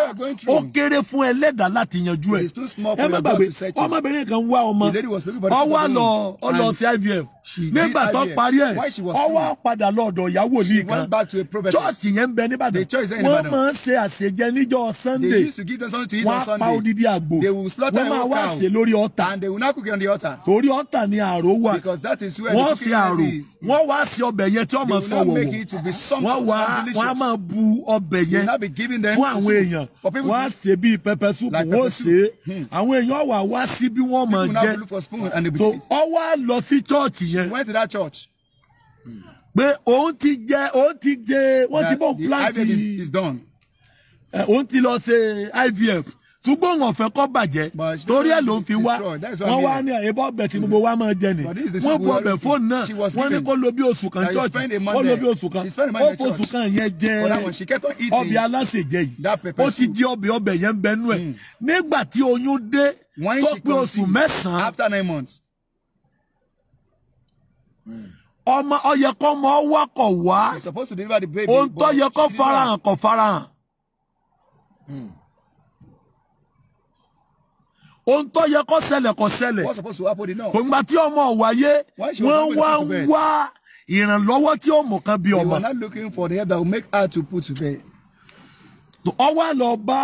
ó kéré fún ẹlẹ́dàá láti yanjú ẹ̀ ẹ má gbàgbé ọmọbìnrin kan wá ọmọ ọwọ́ lọ ọlọ ti IVF nígbà tó parí ẹ̀ ọwọ́ padà lọ́dọ̀ ìyàwó ní kan chọ́ọ̀sì yẹn ń bẹ nìbàdàn wọ́n máa ń ṣe àṣejẹ níjọ́ sunday wọ́n á pa odidi àgbò wọ́n máa wá ṣe lórí ọ̀tà torí ọ̀tà ni àrò wà wọ́n fi àrò wọ́n wá ṣe ọbẹ̀ yẹn tí wọ́n máa fọ wọ̀wọ̀ wọ́n wá wọ́n á máa bu ọbẹ̀ yẹn fún àwọn èèyàn wọ́n á ṣe bíi pẹpẹ súpù wọ́n ṣe àwọn èèyàn wà wá sí bí wọ́n máa jẹ tó ọwọ́ á lọ sí chọ́ọ̀chì nìyẹn. went to that church. pé òun ti jẹ òun ti jẹ wọ́n ti bọ̀ plant. the IVF is, is done. òun ti lọ ṣe IVF túgbọ́n wọn fẹ́ kọ́ bàjẹ́ torí ẹ̀ ló ń fi wá wọ́n wá ní ẹ̀yẹ́ bọ́ bẹ̀ tí gbogbo wa máa jẹ ni wọ́n bu ọbẹ̀ fóònù náà wọ́n ní kó lo bí oṣù kan chọ́ọ̀chì kó lo bí oṣù kan ó fòṣù kan yẹn jẹ ọbẹ̀ aláṣẹjẹ yìí ó ti di ọbẹ̀ ọbẹ̀ yẹn bẹ́ẹ̀ nú ẹ̀ hmm. nígbà tí oyún dé tó pé oṣù mẹ́sàn-án ọmọ ọyẹ kọ mọ ọ wá kọ wá hmm. ohun tó yẹ kọ farahàn kọ farahàn ohun tó yẹ kọ ṣẹlẹ̀ kọ ṣẹlẹ̀ kò tí ọmọ ọwáyé wọn wá ń wá ìrànlọ́wọ́ tí ó mọ kan bí ọmọ ọ wá lọ bá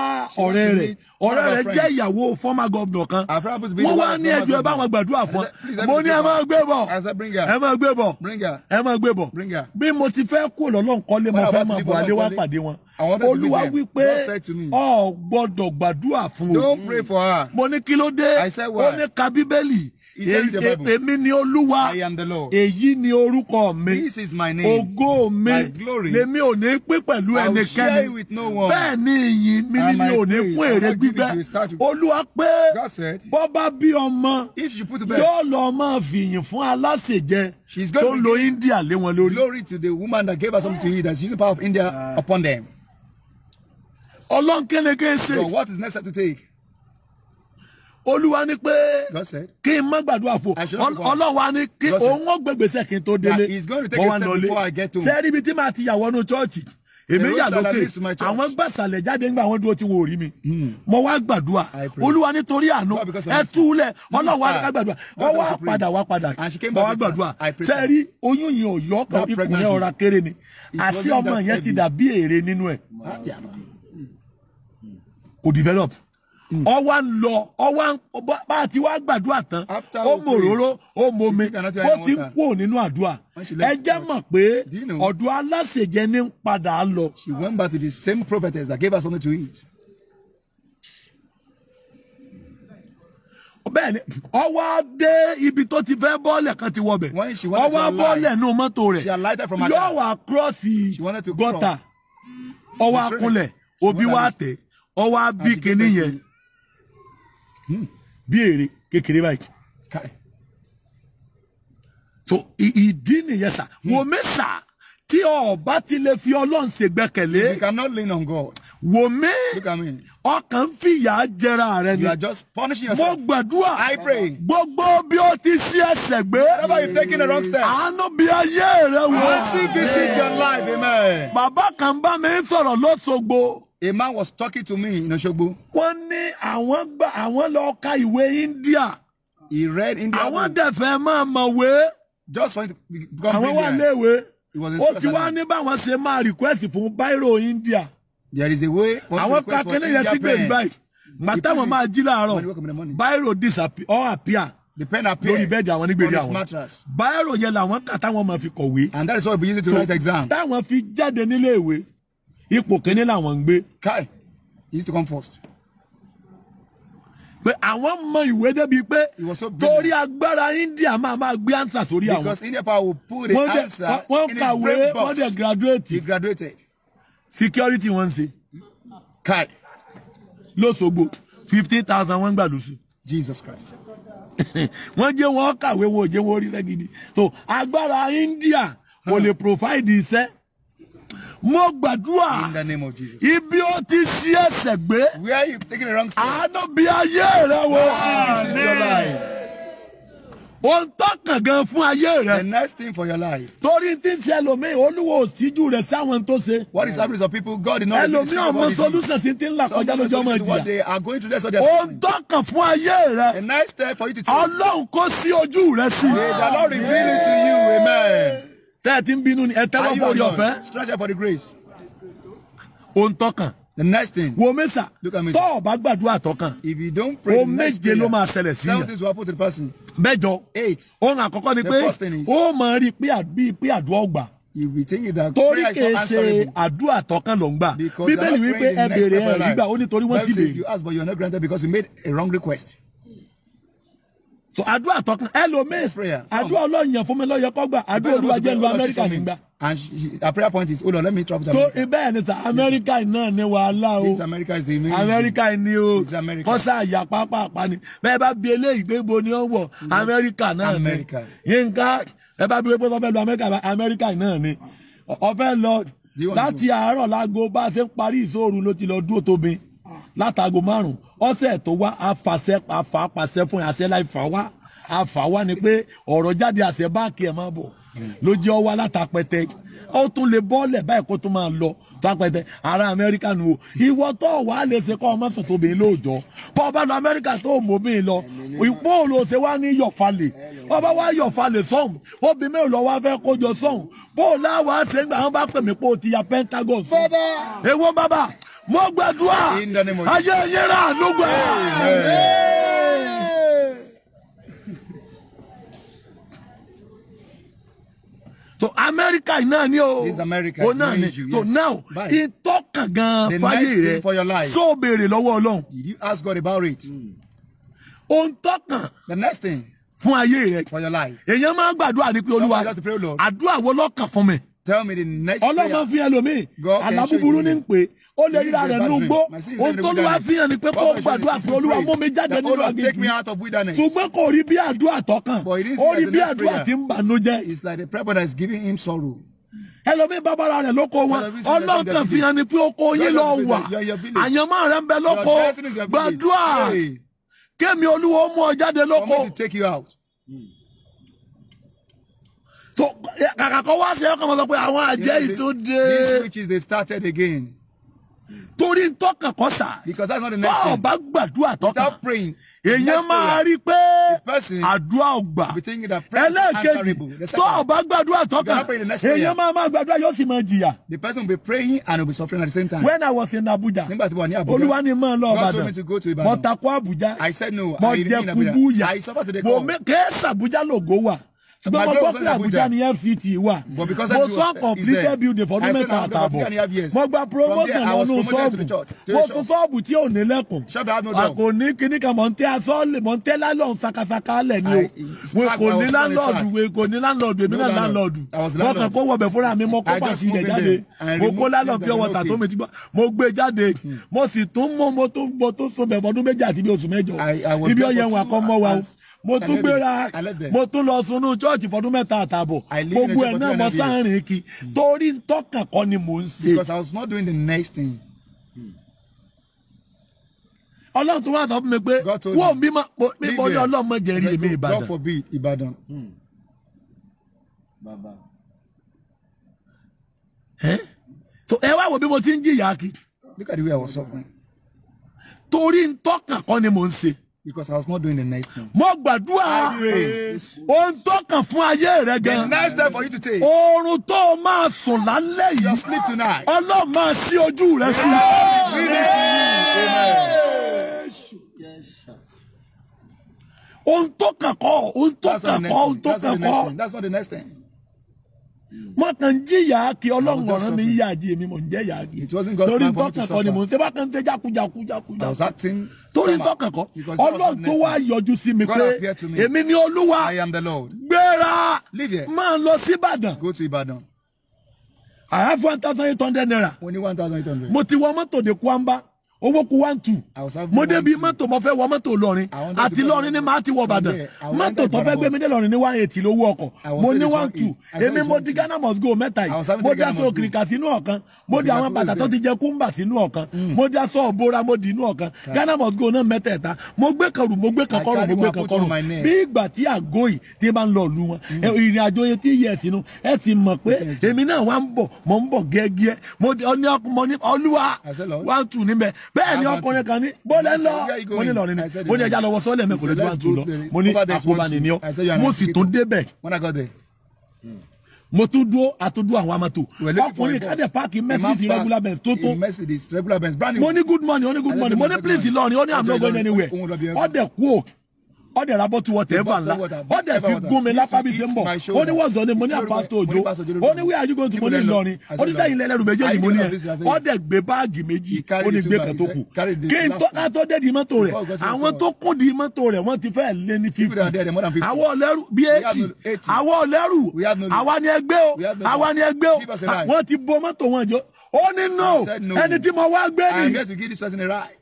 ọ̀rẹ́ rẹ̀ ọ̀rẹ́ rẹ̀ jẹ́ ìyàwó former governor kan wọ́n wá ní ẹjọ́ ẹ bá wọn gbàdúrà fún mo ní ẹ máa gbé bọ̀ ẹ máa gbé bọ̀ ẹ máa gbé bọ̀ bí mo ti fẹ́ kó lọ́lọ́run kọ́lé mo fẹ́ máa bọ̀ alẹ́ wá pàdé wọn olúwa wí pé ọ gbọ́dọ̀ gbàdúrà fún o mo ní kí ló dé ó ní ka bíbélì èmi ni olúwa èyí ni orúkọ mi ògo mi lèmi ò ní pín pẹ̀lú ẹnikẹ́ni bẹ́ẹ̀ ni ìyìn mi ni mi ò ní fún èrè gbígbẹ́ olúwa pé bọ́ bá bí ọmọ yóò lọ máa fìyìn fún aláṣẹjẹ tó ń lo India lé wọn lórí. glory to the woman that gave her something to eat and she power of India ah. upon them. ọlọ́nkẹ́lẹ́kẹ́ ṣe. what is necessary to take olúwa ni pé kí n má gbàdúrà fò ọlọ́wà ni kí òun ó gbègbèsè kí n tó délé wọ́n wá lọlé sẹ́ẹ́rì ibi tí màá ti yàwọ́ nu chọ́ọ̀chì èmi yà lókè àwọn gbàsàlẹ̀ jáde ńgbà àwọn dúró tí wò rí mi hmm. mo wá gbàdúrà olúwa nítorí àánú ẹ túlẹ̀ ọlọ́wà ká gbàdúrà wọ́n wá padà wá padà wọ́n wá gbàdúrà sẹ́ẹ̀rí oyún yẹn ò yọ kan ikùn yẹn ọ̀ra kéré ni àṣì ọmọ yẹn ti dàbí èrè nínú ẹ̀ hmm. kò develop ọ mm. wá ń lọ ọ wá ń bá a ti wá gbàdúrà tán ó mòróró ó momi ó ti ń kú nínú àdúrà ẹ jẹ́ mọ̀ pé ọ̀dọ̀ aláṣẹjẹ ní padà lọ. she went back to the same prophetess that gave her something to eat. bẹ́ẹ̀ ni ọ wá dé ibi tó ti fẹ́ bọ́ọ̀lẹ̀ kan ti wọbẹ̀ ọ wá bọ́ọ̀lẹ̀ nínú mọ́tò rẹ̀ yóò wá kírọ́ọ̀sì gọ́tà ọ wá kúnlẹ̀ òbí wá tẹ̀ ọ wá bí kinní yẹn. Hmm. bí èrè kékeré báyìí so ìdí nìyẹn sà wò hmm. mí sà tí ọba ti lè fi Ọlọ́run ṣègbẹ́kẹ̀lé. you cannot lean on God. wò mí ọkàn fìyà jẹra rẹ ni. you are just punishing yourself. mo gbàdúrà. I pray. gbogbo bí o ti ṣí ẹsẹ̀ gbé. whenever you taking the wrong step. àánú bí ayé rẹ wò. I see this in your life amen. bàbá kan bá mi ń sọ̀rọ̀ lọ́sọ̀gbọ̀ a man was talking to me in Oshogbo. wọ́n ní àwọn gba àwọn lọ ka ìwé India. he read India. àwọn dẹ̀fẹ̀ máa mọ̀ wé. just for him to become brilliant. àwọn wà léwe. he was in school. ó ti wá ní báwọn ṣe máa request fún bírò India. there is a way. àwọn kakẹ́lẹ́ yẹn sí gbèǹgbà báyìí. màtáwọn máa jí láàárọ̀ bírò disappear or appear the pen appear lórí bẹ́ẹ̀dì àwọn nígbèrè àwọn bírò yẹn làwọn kà táwọn máa fi kọ̀wé. and that is why we use it to write exam. táwọn fi jáde nílé ìwé ipò kínní làwọn ń gbé. kai he used to come first. pé àwọn mọ ìwé débi pé torí agbára India máa máa gbé answer sórí àwọn. because India power will put the answer wọ́n in a brain box wọ́n kàwé wọ́n dẹ̀ graduate. he graduated. security wọ́n ń ṣe. kai lọ́sọ̀gbọ̀ fifteen thousand wọ́n ń gbàdúsù. Jesus Christ (laughs) wọ́n jẹ́ wọ́n kàwé wọn ò jẹ́ wọ́n rí rẹ́ so agbára India kò lè provide iṣẹ́ mo gbàdúrà ibi ó ti sí ẹsẹ̀ gbé àánú bí ayé rẹ wo ohun tó kàn gan fún ayé rẹ. the next thing for your life. torí tí ń ṣe ẹlòmíì olúwo òsíjú rẹ sáwọn tó ṣe. what is happening to people God in all the things. ẹlòmíì ọmọ solution sí ti ń là kọjá lójú ọmọ ìjìyà. they are going through this so they are. ohun tó kàn fún ayé rẹ. the next step for you to take. ọlọ́run kó sí ojú rẹ sí. may the Lord reveal it to you amen tẹ́ẹ̀tì ń bínú ni ẹ tẹ́wọ́ fún orí ọ̀fẹ́. stretch for the grace. ohun tọkàn. the next thing. wo mẹ́sà tọ́ ọ bá gbàdúrà tọkàn. if you don't pray the next prayer o méje ló máa ṣẹlẹ̀ sí yàn. seven things will happen to the person. mẹ́jọ. eight. ohun àkọ́kọ́ ni pé ó máa rí i pé àdúrà ọgbà torí kìí ṣe àdúrà tọkàn ló ń gbà bíbélì wípé ẹ béèrè ẹ rí gbà ó nítorí wọ́n sì request so I do a àdúrà tọkàn ẹlòmíín prayer àdúrà ọlọ́yìn fún mi lọ́yẹ kọ́gbà àdúrà do jẹ́ lu amẹ́ríkà nígbà. and she, prayer point is hold on let me travel to america. tó America is sà amẹ́ríkà náà ni this america is the main America is new. This America. pápápá ni bẹ́ẹ̀ bá bi eléyìí pé bo ni ó America, mm. amẹ́ríkà náà ni yínká ẹ bá bi pé wọ́n fẹ́ lu amẹ́ríkà amẹ́ríkà náà ni ọ̀fẹ́ lọ láti àárọ̀ láago bá a ṣe ń parí ìṣòro ló ti lọ dúró tóbi ah. látàgò márùn-ún ọ̀sẹ̀ tó wá àfàṣẹ àfàpàṣẹ fún àṣẹ láì fà wá àfà wá ni pé ọ̀rọ̀ jáde àṣẹ báàkì ẹ̀ máa bọ̀ ló jẹ́ ọwọ́ látàpẹ́tẹ́ ó tún lè bọ́ọ̀lẹ̀ báyìí kó tún máa lọ tápẹ́tẹ́ ará amẹ́ríkà nu o ìwọ tó wà á lè ṣe kọ́ ọmọ sùn tóbi lóòjọ́ bọ́ ọba lọ amẹ́ríkà tó mú mi lọ ìpó òòlù ṣe wá ní yọ̀falẹ̀ ọba wá yọ̀falẹ̀ sọ̀hún obì mi ò lọ wá fẹ́ kójọ sọ̀hún bó o láwàá ṣe ń gbà wọn bá pè mí pé o ti ya pentagon sọ̀hún ewo bàbá mo gbàdúrà ayé yẹn ló gbà. so america náà ni o o náà ni so now ìtọ́kàn gan fáyé rẹ so béèrè lọ́wọ́ ọlọ́run. did you ask God about it. Hmm. ohun tọ́kàn. the next thing. fún ayé rẹ. for your life. èèyàn máa ń gbàdúrà ni pé olúwa àdúrà wo fún mi tell me the next prayer. ọlọ́mọ fi ẹlòmíì alábúburú ní pé ó lè ríra rẹ̀ nínú gbó ohun tó ló wá fi hàn ni pé kó gbàdúrà pé olúwa mú mi jáde nínú agbègbè ṣùgbọ́n kò rí bí àdúrà tọkàn ó rí bí àdúrà tí ń bànújẹ́. it's like the prayer that is giving him sorrow ẹlòmíín bàbára rẹ lóko wọn ọlọ́kàn fi hàn ni pé oko yín lọ wà àyànmọ́ rẹ ń bẹ lóko gbàdúrà kémi olúwa ó mú ọ jáde lóko. Hmm tó kàkà kọ́ wá pé àwọn àjẹ́ yìí tó dé. these witches they started again. torí tọkàn kọ́ sà. because that's not the next thing. báwo bá gbàdúrà tọkàn. without praying. èèyàn máa rí pé àdúrà ọgbà. ẹlẹ́ẹ̀kejì tó ọba gbàdúrà tọkàn. èèyàn máa máa gbàdúrà yóò sì máa jìyà. the person will be praying and will be suffering at the same time. when I was in Abuja. nígbà tí mo wà ní Abuja. olúwa ni máa lọ Ìbàdàn. God told me to go to Ìbàdàn. mo takò Abuja. I said no. mo jẹ kúbú yà. I suffer to the core. mo kẹ́ sàbújá lògó wà the my popular Abuja ni FCT wa mo tún completed building for ọdún mẹ́ta àtààbọ̀ mo gba promotion lọ́nu sọ́ọ̀bù mo tún sọ́ọ̀bù tí ò ní lẹ́kùn àkò ní kíní kan mọ̀ ń tẹ́ aṣọ lè mọ̀ ń tẹ́ lálọ́ọ̀n sakasaka lẹ̀ ni o wẹ̀ kò ní láńlọ́ọ̀dù wẹ̀ kò ní láńlọ́ọ̀dù èmi náà láńlọ́ọ̀dù wọ́n kàn kó wọ̀bẹ̀ fúnra mi mo kó pàṣẹ ilẹ̀ jáde mo kó lálọ́ọ̀dù pure water tó mi ti bọ́ mo gbé e jáde hmm. mo sì tún mú mo tó mo tó so bẹ̀ ọdún méjì àti ibi oṣù mẹ́jọ ibi ọ̀yẹ̀wò àkọ́mọ́ wa mo tún gbéra mo tún lọ sunú jọ church fọdún mẹ́ta àtààbọ̀ gbogbo ẹ̀ náà mọ sáàrin kí hmm. torí ntọ́kàn kọ́ ni mò ń ṣe. because I was not doing the next thing. Hmm. ọlọ́run tó wà sọ fún mi pé wọ́n bí mo ní ọlọ́run mọ̀ jẹ́rí èmi Ìbàdàn. God forbid Ìbàdàn. Hmm. bàbá. ẹ ẹ wá wo bí mo ti ń jìyà kí. look at the way I was suffering. torí ntọ́kàn kọ́ ni mò ń ṣe because I was not doing the next thing. Mo gbàdúrà ohun tó kàn fún ayé rẹ gan. The next step for you to take. Oorun tó o máa sùn lálẹ́ yìí. Your sleep tonight. Ọlọ́run máa ṣí ojú rẹ sí. Ohun tó kàn kọ́, ohun tó kàn kọ́, ohun tó kàn kọ́. That's not the next thing mọ hmm. kàn jìyà kí ọlọ́run ọ̀ràn mi yíyà jí èmi mò ń jẹ́ yà kí torí tọkàn kọ ni mò ń tẹ́ bá kàn tẹ́ jákujáku jákujáku torí tọkàn kọ ọlọ́run tó wá yọjú sí mi pé èmi ni olúwa gbéra máa lọ sí ìbàdàn I have one thousand eight hundred naira mo ti wọ mọ́tò dé kwamba owó kù one two mo débi mọ́tò mo fẹ́ wọ mọ́tò lọ́rin àti lọ́rin ni màá ti wọ Ìbàdàn mọ́tò tó fẹ́ gbé mi dé lọ́rin ní one eight lówó ọkọ̀ mo ní one two èmi mo di Ghana must go mẹ́ta yìí mo di aṣọ òkìrìkà sínú ọ̀kan mo di àwọn bàtà tó ti jẹ kúmbà sínú ọ̀kan mm. mo di aṣọ òbora mo di inú ọ̀kan Ghana must go náà mẹ́tẹ̀ẹ̀ta mo gbé kan rù mo gbé kan kọ́rùn mo gbé kan kọ́rùn bí ìgbà tí àgọ́ yìí ti máa ń lọ lù wọn mm. ìrìn àjò yẹn ti yẹ sínú ẹ sì mọ̀ pé èmi náà wà ń bọ̀ mo ń bọ̀ gẹ́gẹ́ mo ní ọlúwa one two níbẹ̀ bẹ́ẹ̀ ni ọkùnrin kan ní bọ́lẹ̀ ńlọ mo ní lọrin ni mo ní ẹja lọ́wọ́ sọ́lẹ̀ mẹ́kọ̀ọ́ lójú àti lọ mo ní àkóbánì ni ọ́ mo sì tún débẹ̀ hmm. mo tún dúró àtúndú àwọn amato ọkùnrin kádẹ páàkì mercedes regular benz tó tó mo ní good morning mo ní good morning mo ní please Ìlọrin ó ní I'm not going anywhere ọdẹ kú o ó dẹ̀ rabọ́ tu wọ́tẹ̀ ẹ̀fà ńlá ó dẹ̀ fi gún mi lápá bí ṣe ń bọ̀ ó ní wọ́n zọ́ni mo ní àpáṣọ ah, òjò ó ní wíyà yúgò tí mo ní Ìlọrin ó ní sẹ́yìn lẹ́lẹ́rù méjèèjì mo ní ẹ̀ ó dẹ̀ gbé báàgì méjì ó ní gbé kan tó kù kí n tọ́ka tó dé di mọ́tò rẹ̀ àwọn tó kún di mọ́tò rẹ̀ wọ́n ti fẹ́ lé ní fifty àwọ̀ ọ̀lẹ́rù bí eighty àwọ̀ ọ̀lẹ́rù àwa ni ẹgbẹ́ o àwa ni ẹgbẹ́ o wọ́n ti bo mọ́tò wọn jọ ó ní no ẹni tí mo wá gbé ni. I here to give this person a ride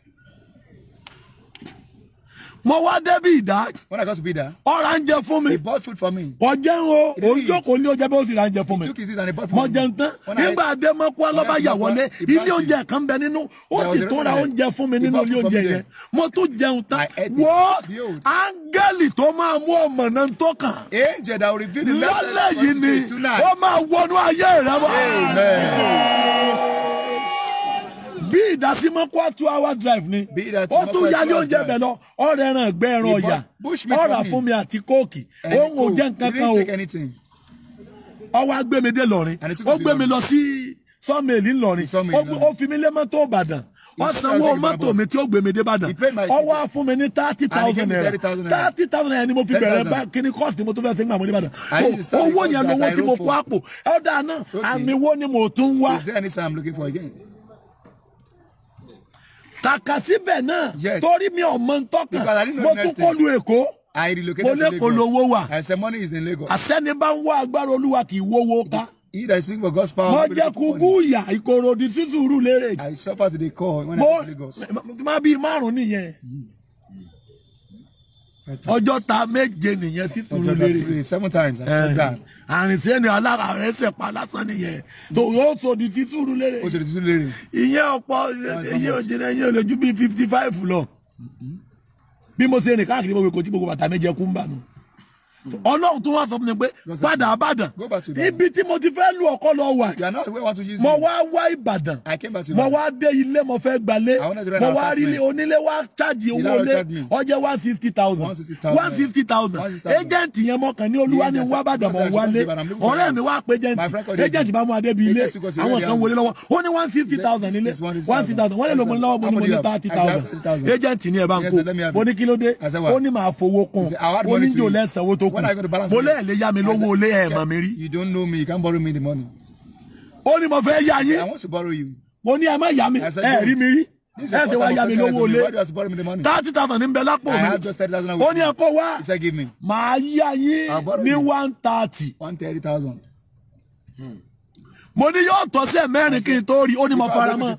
mo wá débi ìdá. when I got to be there. ọ̀rá ń jẹ fún mi. he bought food for me. ọ̀jẹ̀ ń o òjókòó ní oúnjẹ bó ti ra ń jẹ fún mi. he took his seat and he bought for me. mo jẹun tán nígbà àdèmọ́kú ọlọ́ba yàwọlé ilé oúnjẹ kan bẹ nínú ó sì tó ra oúnjẹ fún mi nínú ilé oúnjẹ yẹn mo tún jẹun tán wọ́ áńgẹ́lì tó máa mú ọmọ náà tó kàn. angel that will reveal the message for me. tonight. lọ́lẹ̀ yìí ni ó máa wọnú ayé rẹ wá. amen. amen bí ìdásímọ́kọ́ two hour drive ni ó tún yálé oúnjẹ bẹ̀ lọ ọ̀rẹ́ ẹran ẹgbẹ́ ẹran ọ̀yà ọ̀rà fún mi àti kóòkì òun ò jẹ́ nǹkan kan o ọwọ́ agbẹ́mídé lọ́rin ó gbé mi lọ sí sọ́mẹ̀lì ńlọrin ó fi mí lé mọ́tò ìbàdàn wọ́n sanwó mọ́tò mi tí ó gbé mi dé Ìbàdàn ọwọ́ fún mi ní thirty thousand naira thirty thousand naira ni mo fi bẹ̀rẹ̀ kíní course ni mo tó fẹ́ fi ń gbà mo ní Ìbàdàn owó yẹn lówó tí mo kó àpò ẹ̀dá náà àmì wo ni mo tún wá. Is there any sign I'm looking for again? kàkà síbẹ̀ náà torí mi ò mọ ntọ́kàn mo tún kọlu èkó mo lè kó lówó wa àsẹ́nibá ń wá agbára olúwa kì í wówó ká. He that is speaking for God's power. Mo jẹ́ kúkú ìyà ìkòròdú sísúrú lérè. I suffer to the call. when I go to Lagos. Má bí márùn-ún nìyẹn ọjọ́ ta méje nìyẹn sí turu lérè seven times And àrìnsẹ́ ni alára rẹ̀ ṣẹ̀ pa lásán nìyẹn tó yóò sòdì sí turu lérè ìyẹn ọ̀pọ̀ ìyẹn òjìnà ìyẹn olójú bíi fifty five lọ mm-hmm. bí mo ṣe rìn káàkiri mo wò kò tí gbogbo bàtà méje kú ń bà nù. Hmm. ọlọ́run tó wá sọ fún mi pé padà àbàdàn ibi tí mo ti fẹ́ lu ọkọ lọ wà mo wá wá ìbàdàn mo wá dé ilé mo fẹ́ gbalé mo wá rí onílé wá ṣáàjì owó lé ọjẹ́ one sixty thousand one sixty thousand agent yẹn mo kàn ní olúwa ní wá bàdàn mo wálé ọ̀rẹ́ mi wá pé agent agent bá mú adé bi ilé àwọn kan wọlé lọ́wọ́ ó ní one sixty thousand nílé one sixty thousand wọ́n lè lo mo ní lọ́wọ́ mo ní mo ní thirty thousand agent ní ẹ̀ bá ń kó mo ní kí ló ló mo lẹ́ẹ̀ lè yá mi lówó lé ẹ̀ mọ̀ mi rí. you don't know me you can't borrow me the money. ó ní mo fẹ́ yá yín. I want to borrow you. mo ní ẹ má yá mi ẹ rí mi rí ẹ ti wá yá mi lówó lé thirty thousand ní bẹ lápò mi ó ní ẹ kó wá màá yá yín ní one thirty. mo ní yóò tọ́ sí ẹ̀mẹ́rin kí n tó rí ó ní mo fara mọ́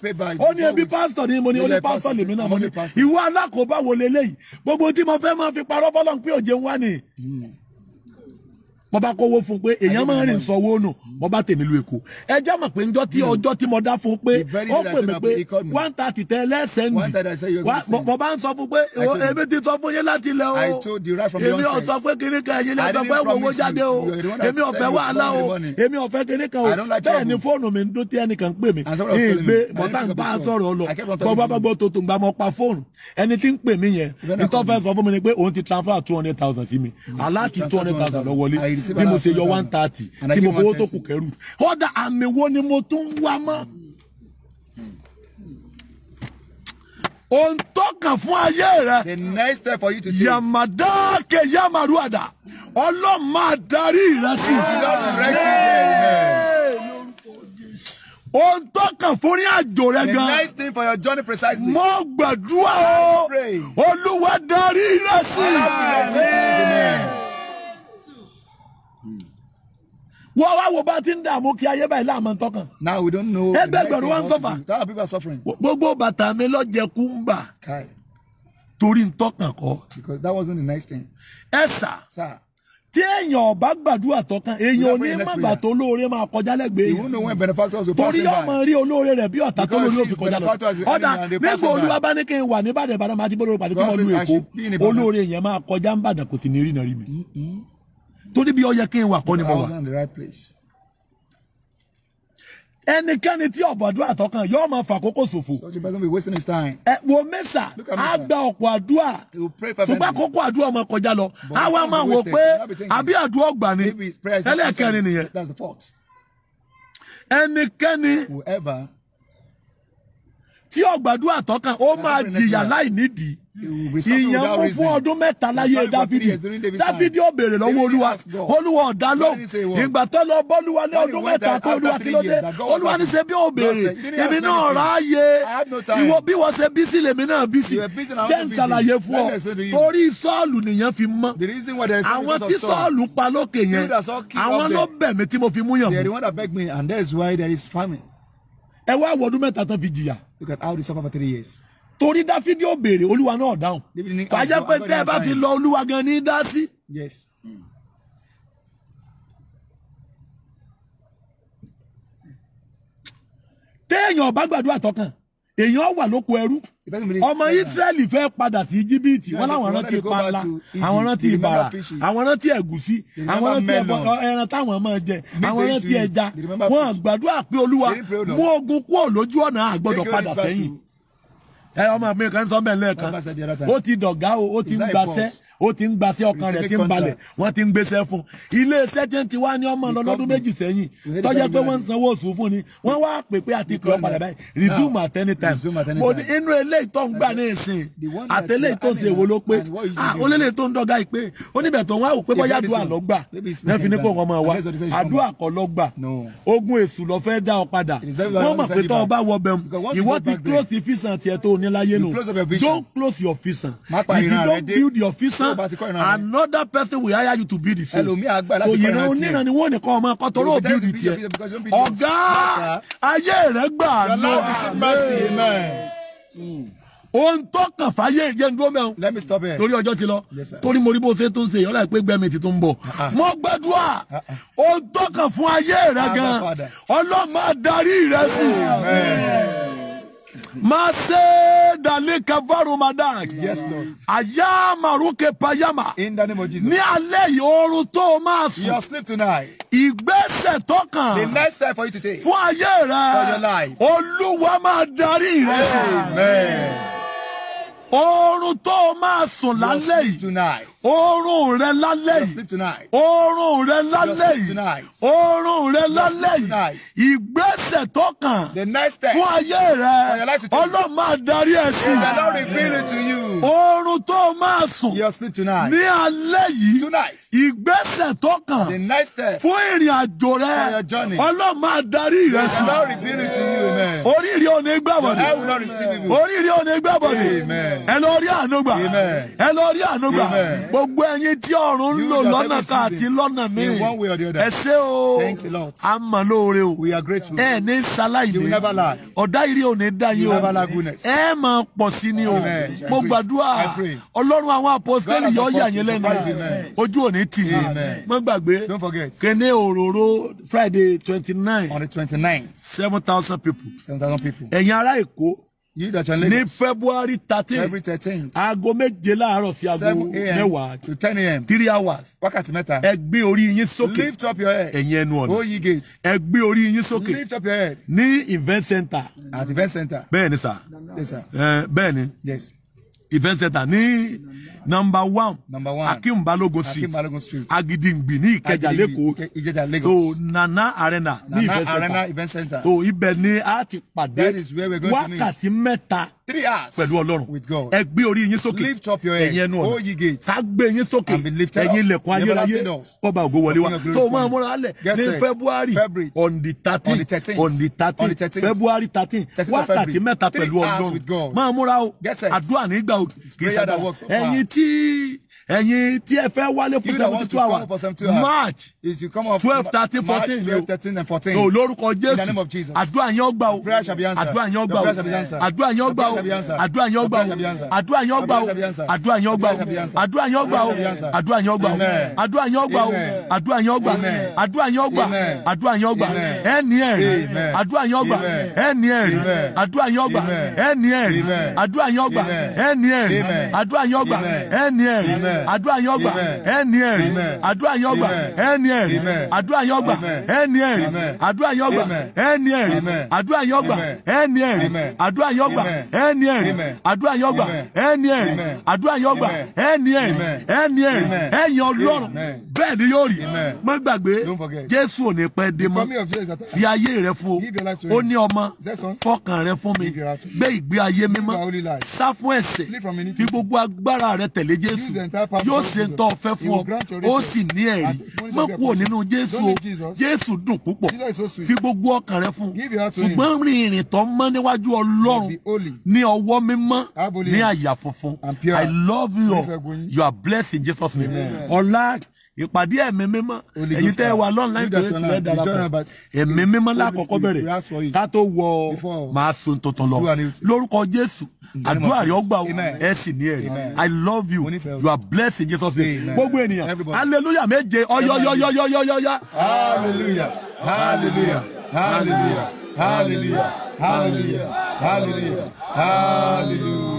ó ní ẹbí pásítọ̀ ni mo ní ó ní pásítọ̀ lèmi náà mo ní ìwọ alákòóbá wo leléyìí gbogbo tí mo fẹ́ máa fi parọ́ fọlọ́n pé òjé ń wá ni hmm mo bá kówó fún pé èèyàn máa rìn sanwó nù mo bá tèmi lu èkó ẹ jẹ́ mọ̀ pé njọ́ tí ọjọ́ tí mo dá fún pé ó pè mí pé one thirty tẹ lẹ́sẹ̀ ń di mo bá ń sọ fún pé èmi ti sọ fún yín láti lẹ o èmi ò sọ pé kiri kan ẹ̀yin lẹ́sọ̀ pé wọ́wọ́ jáde o èmi ò fẹ́ wàhálà o èmi ò fẹ́ kiri kan o bẹ́ẹ̀ ni fóònù mi ń dún tí ẹnìkan pè mí ìgbé mọ̀tà ń bá a sọ̀rọ̀ lọ gbọ́gbọ́ gbọ́ tuntun gbà mọ́ pa fóònù ẹni tí ń pè mí yẹn ìtọ́fẹ́ sọ fún mi ni pé òun ti transfer two hundred mi aláàtì two hundred thousand bí mo ṣe yọ one thirty tí mo fowó tó kù kẹrù kódà àmì ni mo tún wá mọ́. ohun fún ayé rẹ. the for you to take. yamaruada ọlọ́run máa darí fún ní àjò rẹ gan. the gbàdúrà o olúwa darí rẹ wọ́n wá wo bá ti ń dààmú kí ayé báyìí láàmú tọkàn. now we don't know. ẹgbẹgbẹ̀rún wọn sọfà. that people are suffering. gbogbo bàtà mi lọ́jẹ̀ kú ń bà. torí ń tọkàn kọ. because that wasn't the nice thing. ẹ sà. sà tí èèyàn ọba gbàdúrà tọkàn èèyàn òní mọ̀gbà tó lóore máa kọjá lẹ́gbẹ̀ẹ́ yìí torí ọmọ rí olóore rẹ̀ bí ọ̀tá tó lóore òfin kọjá lọ ọ̀dà mẹ́gbà olúwa bá ní kí n wà ní Ìbàdàn Ìbàdàn máa ti bọ́lọ́rọ̀ pàdé tí mo lu Èkó olóore yẹn máa kọjá ń bàdàn kò sì ní rí nàrí mi torí bí ó yẹ kí n Any kind of mo wà. ẹnikẹ́ni tí ọ̀bọ̀dún àtọkàn yóò máa fàkókò ṣòfò. such a person be wasting his time. ẹ wo mẹ́sà á gba ọ̀pọ̀ àdúrà ṣùgbọ́n àkókò àdúrà ọmọ kọjá lọ á wá máa wò pé àbí àdúrà ọgbà ni ẹlẹ́ẹ̀kẹrin nìyẹn. ẹnikẹ́ni tí ọ̀gbàdúrà tọ́kàn ó máa jìyà láì nídìí ìyẹn fún fún ọdún mẹ́ta láyé dáfídì dáfídì ó béèrè lọ́wọ́ olúwa olúwa ọ̀dá ló ìgbà tó lọ bọ́lúwa ní ọdún mẹ́ta tó olúwa kí ló dé olúwa ní ṣe bí ó béèrè èmi náà ráàyè ìwọ bí wọ́n ṣe bí sí lèmi náà bí sí jẹ́ ń ṣàlàyé fún ọ torí sọ́ọ̀lù nìyẹn fi mọ́ àwọn tí sọ́ọ̀lù pa lókè yẹn àwọn ló bẹ̀ mí tí mo fi mú yàn mú. ẹ wá wọdún mẹ́ta tó fi jìyà. Look at how they suffer for three years torí dáfídì ò béèrè olúwa náà dáhùn fàájẹ́ pé tẹ́ ẹ bá fi lọ olúwa gan ní dá sí. Yes. Mm. téèyàn bá gbàdúrà tọkàn èèyàn wà lóko ẹrú ọmọ Ísírẹ́lì fẹ́ padà sí Íjíbítì wọn láwọn rántí panla àwọn rántí ìbàrà àwọn rántí ẹ̀gúsí àwọn rántí ẹran táwọn máa jẹ àwọn rántí ẹja wọn gbàdúrà pé olúwa mú ogun kúrò lójú ọ̀nà àgbọ̀dọ̀ padà sẹ́yìn ẹ ọmọ mi kan sọ bẹ́ẹ̀ lẹ́ẹ̀kan ó ti dọ̀gá o ó ti ń gbaṣẹ́ ó ti ń gbaṣẹ́ ọkàn rẹ̀ ti ń balẹ̀ wọ́n ti ń gbéṣẹ́ fún iléeṣẹ́ tí ń ti wá ní ọmọ lọ́dún méjì sẹ́yìn tó pé wọ́n ń sanwó oṣù fún ni wọ́n wá pè pé àti pè padà báyìí resume at any time mo ní inú eléyìí tó ń gbà ní ìsìn àtẹlẹ́yìí tó ń ṣe èwo ló pé ó ah, lélẹ̀ tó ń dọ̀gá yìí pé oníbẹ̀ tó ń wá wò pé bọ́yá àdúrà lọ gbà náà fi ní kó wọn máa wá àdúrà kọ́ lọ gbà ogun èṣù lọ fẹ́ dá ọ padà wọ́n mọ̀ pé tọ́ ọ bá wọ bẹ̀rù ìwọ ti close ìfisàn tiẹ̀ tó ní yẹn láyé nù don't close your vision if you don't build your vision another person will hire you to build the field so ìran oníran ni wọ́n nìkan ọmọ ẹ̀kọ́ tó build it yẹ ọ̀gá ah. ayé rẹ̀ gbà lọ ohun tó kàn fàyè jẹ́ ń dúró mẹ́rin. let me stop here. ti lọ. yes sir. torí mo rí bó ṣe tó ń ṣe ọlọ́run pé gbẹ́mìtì tó ń bọ̀. Ah, ah. mo gbàdúrà ohun tó kàn fún ayé rẹ gan ọlọ́run máa rẹ sí Mase dalika madag. Yes, Lord. Ayama ruke payama. In the name of Jesus. Ni alẹ́ yìí to tó You máa sùn. tonight. Ìgbésẹ̀ tó kàn. The next step for you to take. Fún ayé For your life. Olúwa máa darí Amen. Oorun tó o máa sùn lálẹ́ yìí. tonight oorun rẹ lálẹ́ yìí oorun rẹ lálẹ́ yìí oorun rẹ lálẹ́ yìí ìgbésẹ̀ tó kàn fún ayé rẹ ọlọ́run máa darí ẹ sí i it to you. oorun tó máa sùn ní alẹ́ yìí ìgbésẹ̀ tó kàn fún ìrìn àjò rẹ ọlọ́run máa darí rẹ sí i it oríire ò ní gbàbọ̀dé oríire ò ní gbàbọ̀dé ẹ lọ rí àánú gbà ẹ lọ rí àánú gbà gbogbo ẹyin tí ọ̀run ń lò lọ́nà kan àti lọ́nà míì ẹ ṣé o a mọ̀ lóore o ẹ ní sáláìdé ọ̀dá ìrì ò ní dá yín o ẹ máa pọ̀ sí ni o mo gbàdúrà ọlọ́run àwọn àpọ́sítẹ́lì yọ yà yín lẹ́nu ojú ò ní tì yín mo gbàgbé kéne òróró Friday twenty nine seven thousand people ẹ̀yin ará Èkó ní february thirteen february thirteen aago méje láàárọ̀ sí aago mẹ́wàá to ten a.m. three hours wákàtí mẹ́ta ẹ gbé orí yín sókè lift up your head ẹ̀yin ẹnu ọ̀nà oyi gate ẹ gbé orí yín sókè lift up your head ní event center at event center bẹ́ẹ̀ ni sir bẹ́ẹ̀ ni yes event center ní number one akim balogun street agidigbi ní ìkẹjà lẹ́kọ̀ọ́ tó nana arena ní event center tó ibẹ̀ ni a ti pàdé wákàtí mẹ́ta three hours. pẹ̀lú ọlọ́run with God. ẹ gbé orí yín sókè. lift up your head ẹ̀yin ẹnu ọ̀nà o ye gates. ká gbé yín sókè ẹ̀yin ilẹ̀kùn ayérayé kọ́ba ògo wọlé wa tó o máa múra lẹ̀ ní february on the thirteen on the thirteen february thirteen wákàtí mẹ́ta pẹ̀lú ọlọ́run máa múra o àdúrà nígbà òkè kì í sábà ẹ̀yin tí ẹ̀yin tí ẹ fẹ́ wálé fún seventy two hours march twelve thirteen fourteen ni o lórúkọ jésù àdúrà yẹn ó gbà o àdúrà yẹn ó gbà o àdúrà yẹn ó gbà o àdúrà yẹn ó gbà o àdúrà yẹn ó gbà o àdúrà yẹn ó gbà o àdúrà yẹn ó gbà o àdúrà yẹn ó gbà o àdúrà yẹn ó gbà o àdúrà yẹn ó gbà àdúrà yẹn ó gbà àdúrà yẹn ó gbà ẹni ẹ̀rí àdúrà yẹn ó ẹni ẹ̀rí àdúrà yẹn ó ẹni ẹ̀rí àdúrà yẹn ó ẹni ẹ̀rí àdúrà yẹn ó ẹni ẹ̀rí àdúrà yín ọgbà ẹ ní ẹ̀rí àdúrà yín ọgbà ẹ ní ẹ̀rí àdúrà yín ọgbà ẹ ní ẹ̀rí àdúrà yín ọgbà ẹ ní ẹ̀rí àdúrà yín ọgbà ẹ ní ẹ̀rí àdúrà yín ọgbà ẹ ní ẹ̀rí àdúrà yín ọgbà ẹ ní ẹ̀rí àdúrà yín ọgbà ẹ ní ẹ̀rí ẹ ní ẹ̀rí ẹ yan Ọlọ́run bẹ́ẹ̀ ni yóò rí má gbàgbé Jésù ò ní pẹ́ dé mọ́ fi ayé rẹ fún o ó ní ọmọ fọkàn rẹ fún mi gbé ìgbé ayé mímọ́ sá fún ẹ̀ṣẹ̀ fi gbogbo agbára rẹ tẹ̀lé Jésù yóò ṣe ń tọ́ fẹ́ fún ọ ó sì ní ẹ̀rí má kúrò nínú jésù o jésù dùn púpọ̀ fi gbogbo ọkàn rẹ fún ṣùgbọ́n rin ìrìn tó mọ́ níwájú ọlọ́run ní ọwọ́ mímọ́ ní àyà funfun i love you all you are blessed in jesus name ọlá ìpàdé ẹ̀mí mímọ́ ẹ̀yin tẹ́ ẹ wà online tó ti rẹ̀ darapọ̀ ẹ̀mí mímọ́ lákọ̀ọ́kọ́ bẹ̀rẹ̀ ká tó wọ máa sun tuntun lọ lórúkọ Jésù àdúrà rẹ̀ ọgbà ẹ̀ sì ní ẹ̀rí I love you you are blessed in Jesus name gbogbo ènìyàn hallelujah méje ọyọyọyọyọyọyọ. hallelujah hallelujah hallelujah hallelujah hallelujah hallelujah hallelujah.